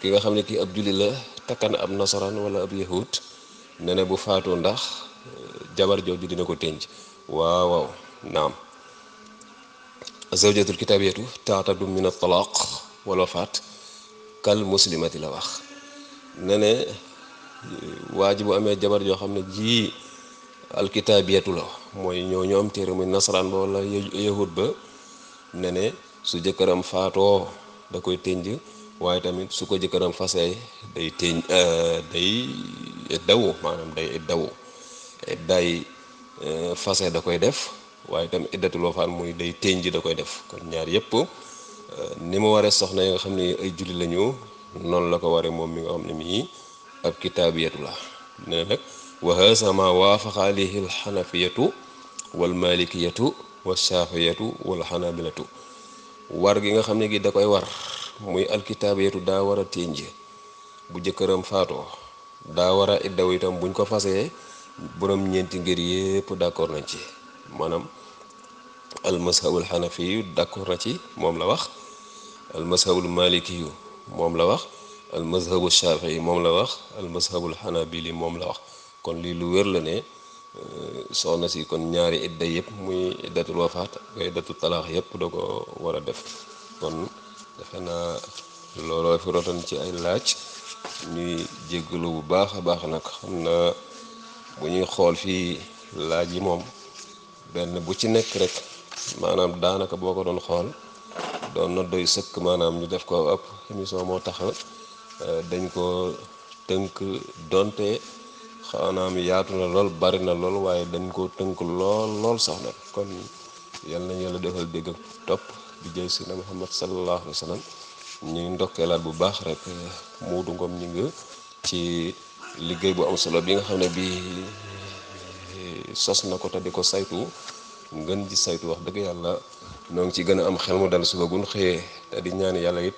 ki nga xam ne kii ab julli la takkan ab nasaraan wala ab yahud ne bu faatoo ndax eh, jabar jooju dina ko tënj waaw waaw naam azawjatul kitaabiyatu taataddu min at-talaaq faat kal muslimati la wax ne ne eh, waa ji bu amee jabar joo xam ne jii alkitaabiyatu la mooy ñoo ñu am téere muy nasaraan ba wala yahud ba ne su jëkkëram faatoo da koy tënj waaye tamit su ko jëkkëram fasee day tënj euh, day dawu maanaam day dawu day euh, fase da koy def waaye tamit iddatul wafaan muy day tënj da koy def kon ñaar yépp euh, ni mu waree soxna yi nga xam ne ay julli lañu noonu la ko waree moom mi nga xam ne mii ab kitaabiyatu la ne nag wa haza ma waafaqa alayhi alxanafiyatu walmalikiyatu walshafiyatu walxanabilatu war gi nga xam ne gi da koy war muy alkitaabiyatu daa war a ténj bu jëkkëram faatoo daa war a iddaw itam buñ ko fasee boroom ñeenti ngir yépp d'accord nañ ci maanaam almashabul xanafi yu d'accord na ci moom la wax almashabul maliki yu moom la wax almashabu shafii moom la wax almashabul xanabili moom la wax kon lii lu wér la ne Euh, soxna si kon ñaari idda yëpp muy iddatul wafaat ak iddatul talaax yëpp da ko war a def kon defe naa looloo fi rotoon ci ay laaj ñuy jéggalu bu baax a baax nag xam na bu ñuy xool fii laaj yi moom benn bu ci nekk rek maanaam daanaka boo ko doon xool doon na doy sëkk maanaam ñu def ko ak émission moo tax euh, dañ ko tënk donte xaanaam yaatu na lool bari na lool waaye dañ koo tënk lool lool sax nag kon yal nañ yàlla defal dégg ak topp bi jëy si na Muhammad sallallahu alayhi wa sallam ñu ngi ndokkeelaat bu baax rek eh, Modou Ngom ñi nga ci liggéey bu am solo bi nga xam ne bii eh, sos na ko te di ko saytu ngën ji saytu wax dëgg yàlla noo ngi ci gën a am xel mu dal suba gun xëyee te di ñaan yàlla it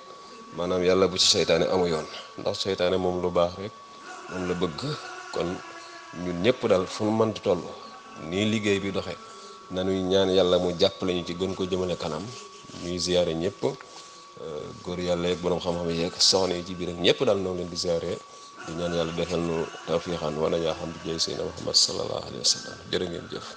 maanaam yàlla bu ci seytaane amu yoon ndax seytaane moom lu baax rek moom la bëgg kon ñun ñëpp daal fu nu mënti toll nii liggéey bi doxe nanuy ñaan yàlla mu jàppale ñu ci gën ko jëmale kanam ñuy ziare ñëpp euh, góor yàlla yeeg borom xam-xam yeeg soxna yi ci biir ak ñëpp daal noonu leen di ziare di ñaan yàlla defal nu tawfiixaan wala yaa xam bi jëy Seydina Muhammad sallallahu alayhi wa sallam jërë ngeen jëf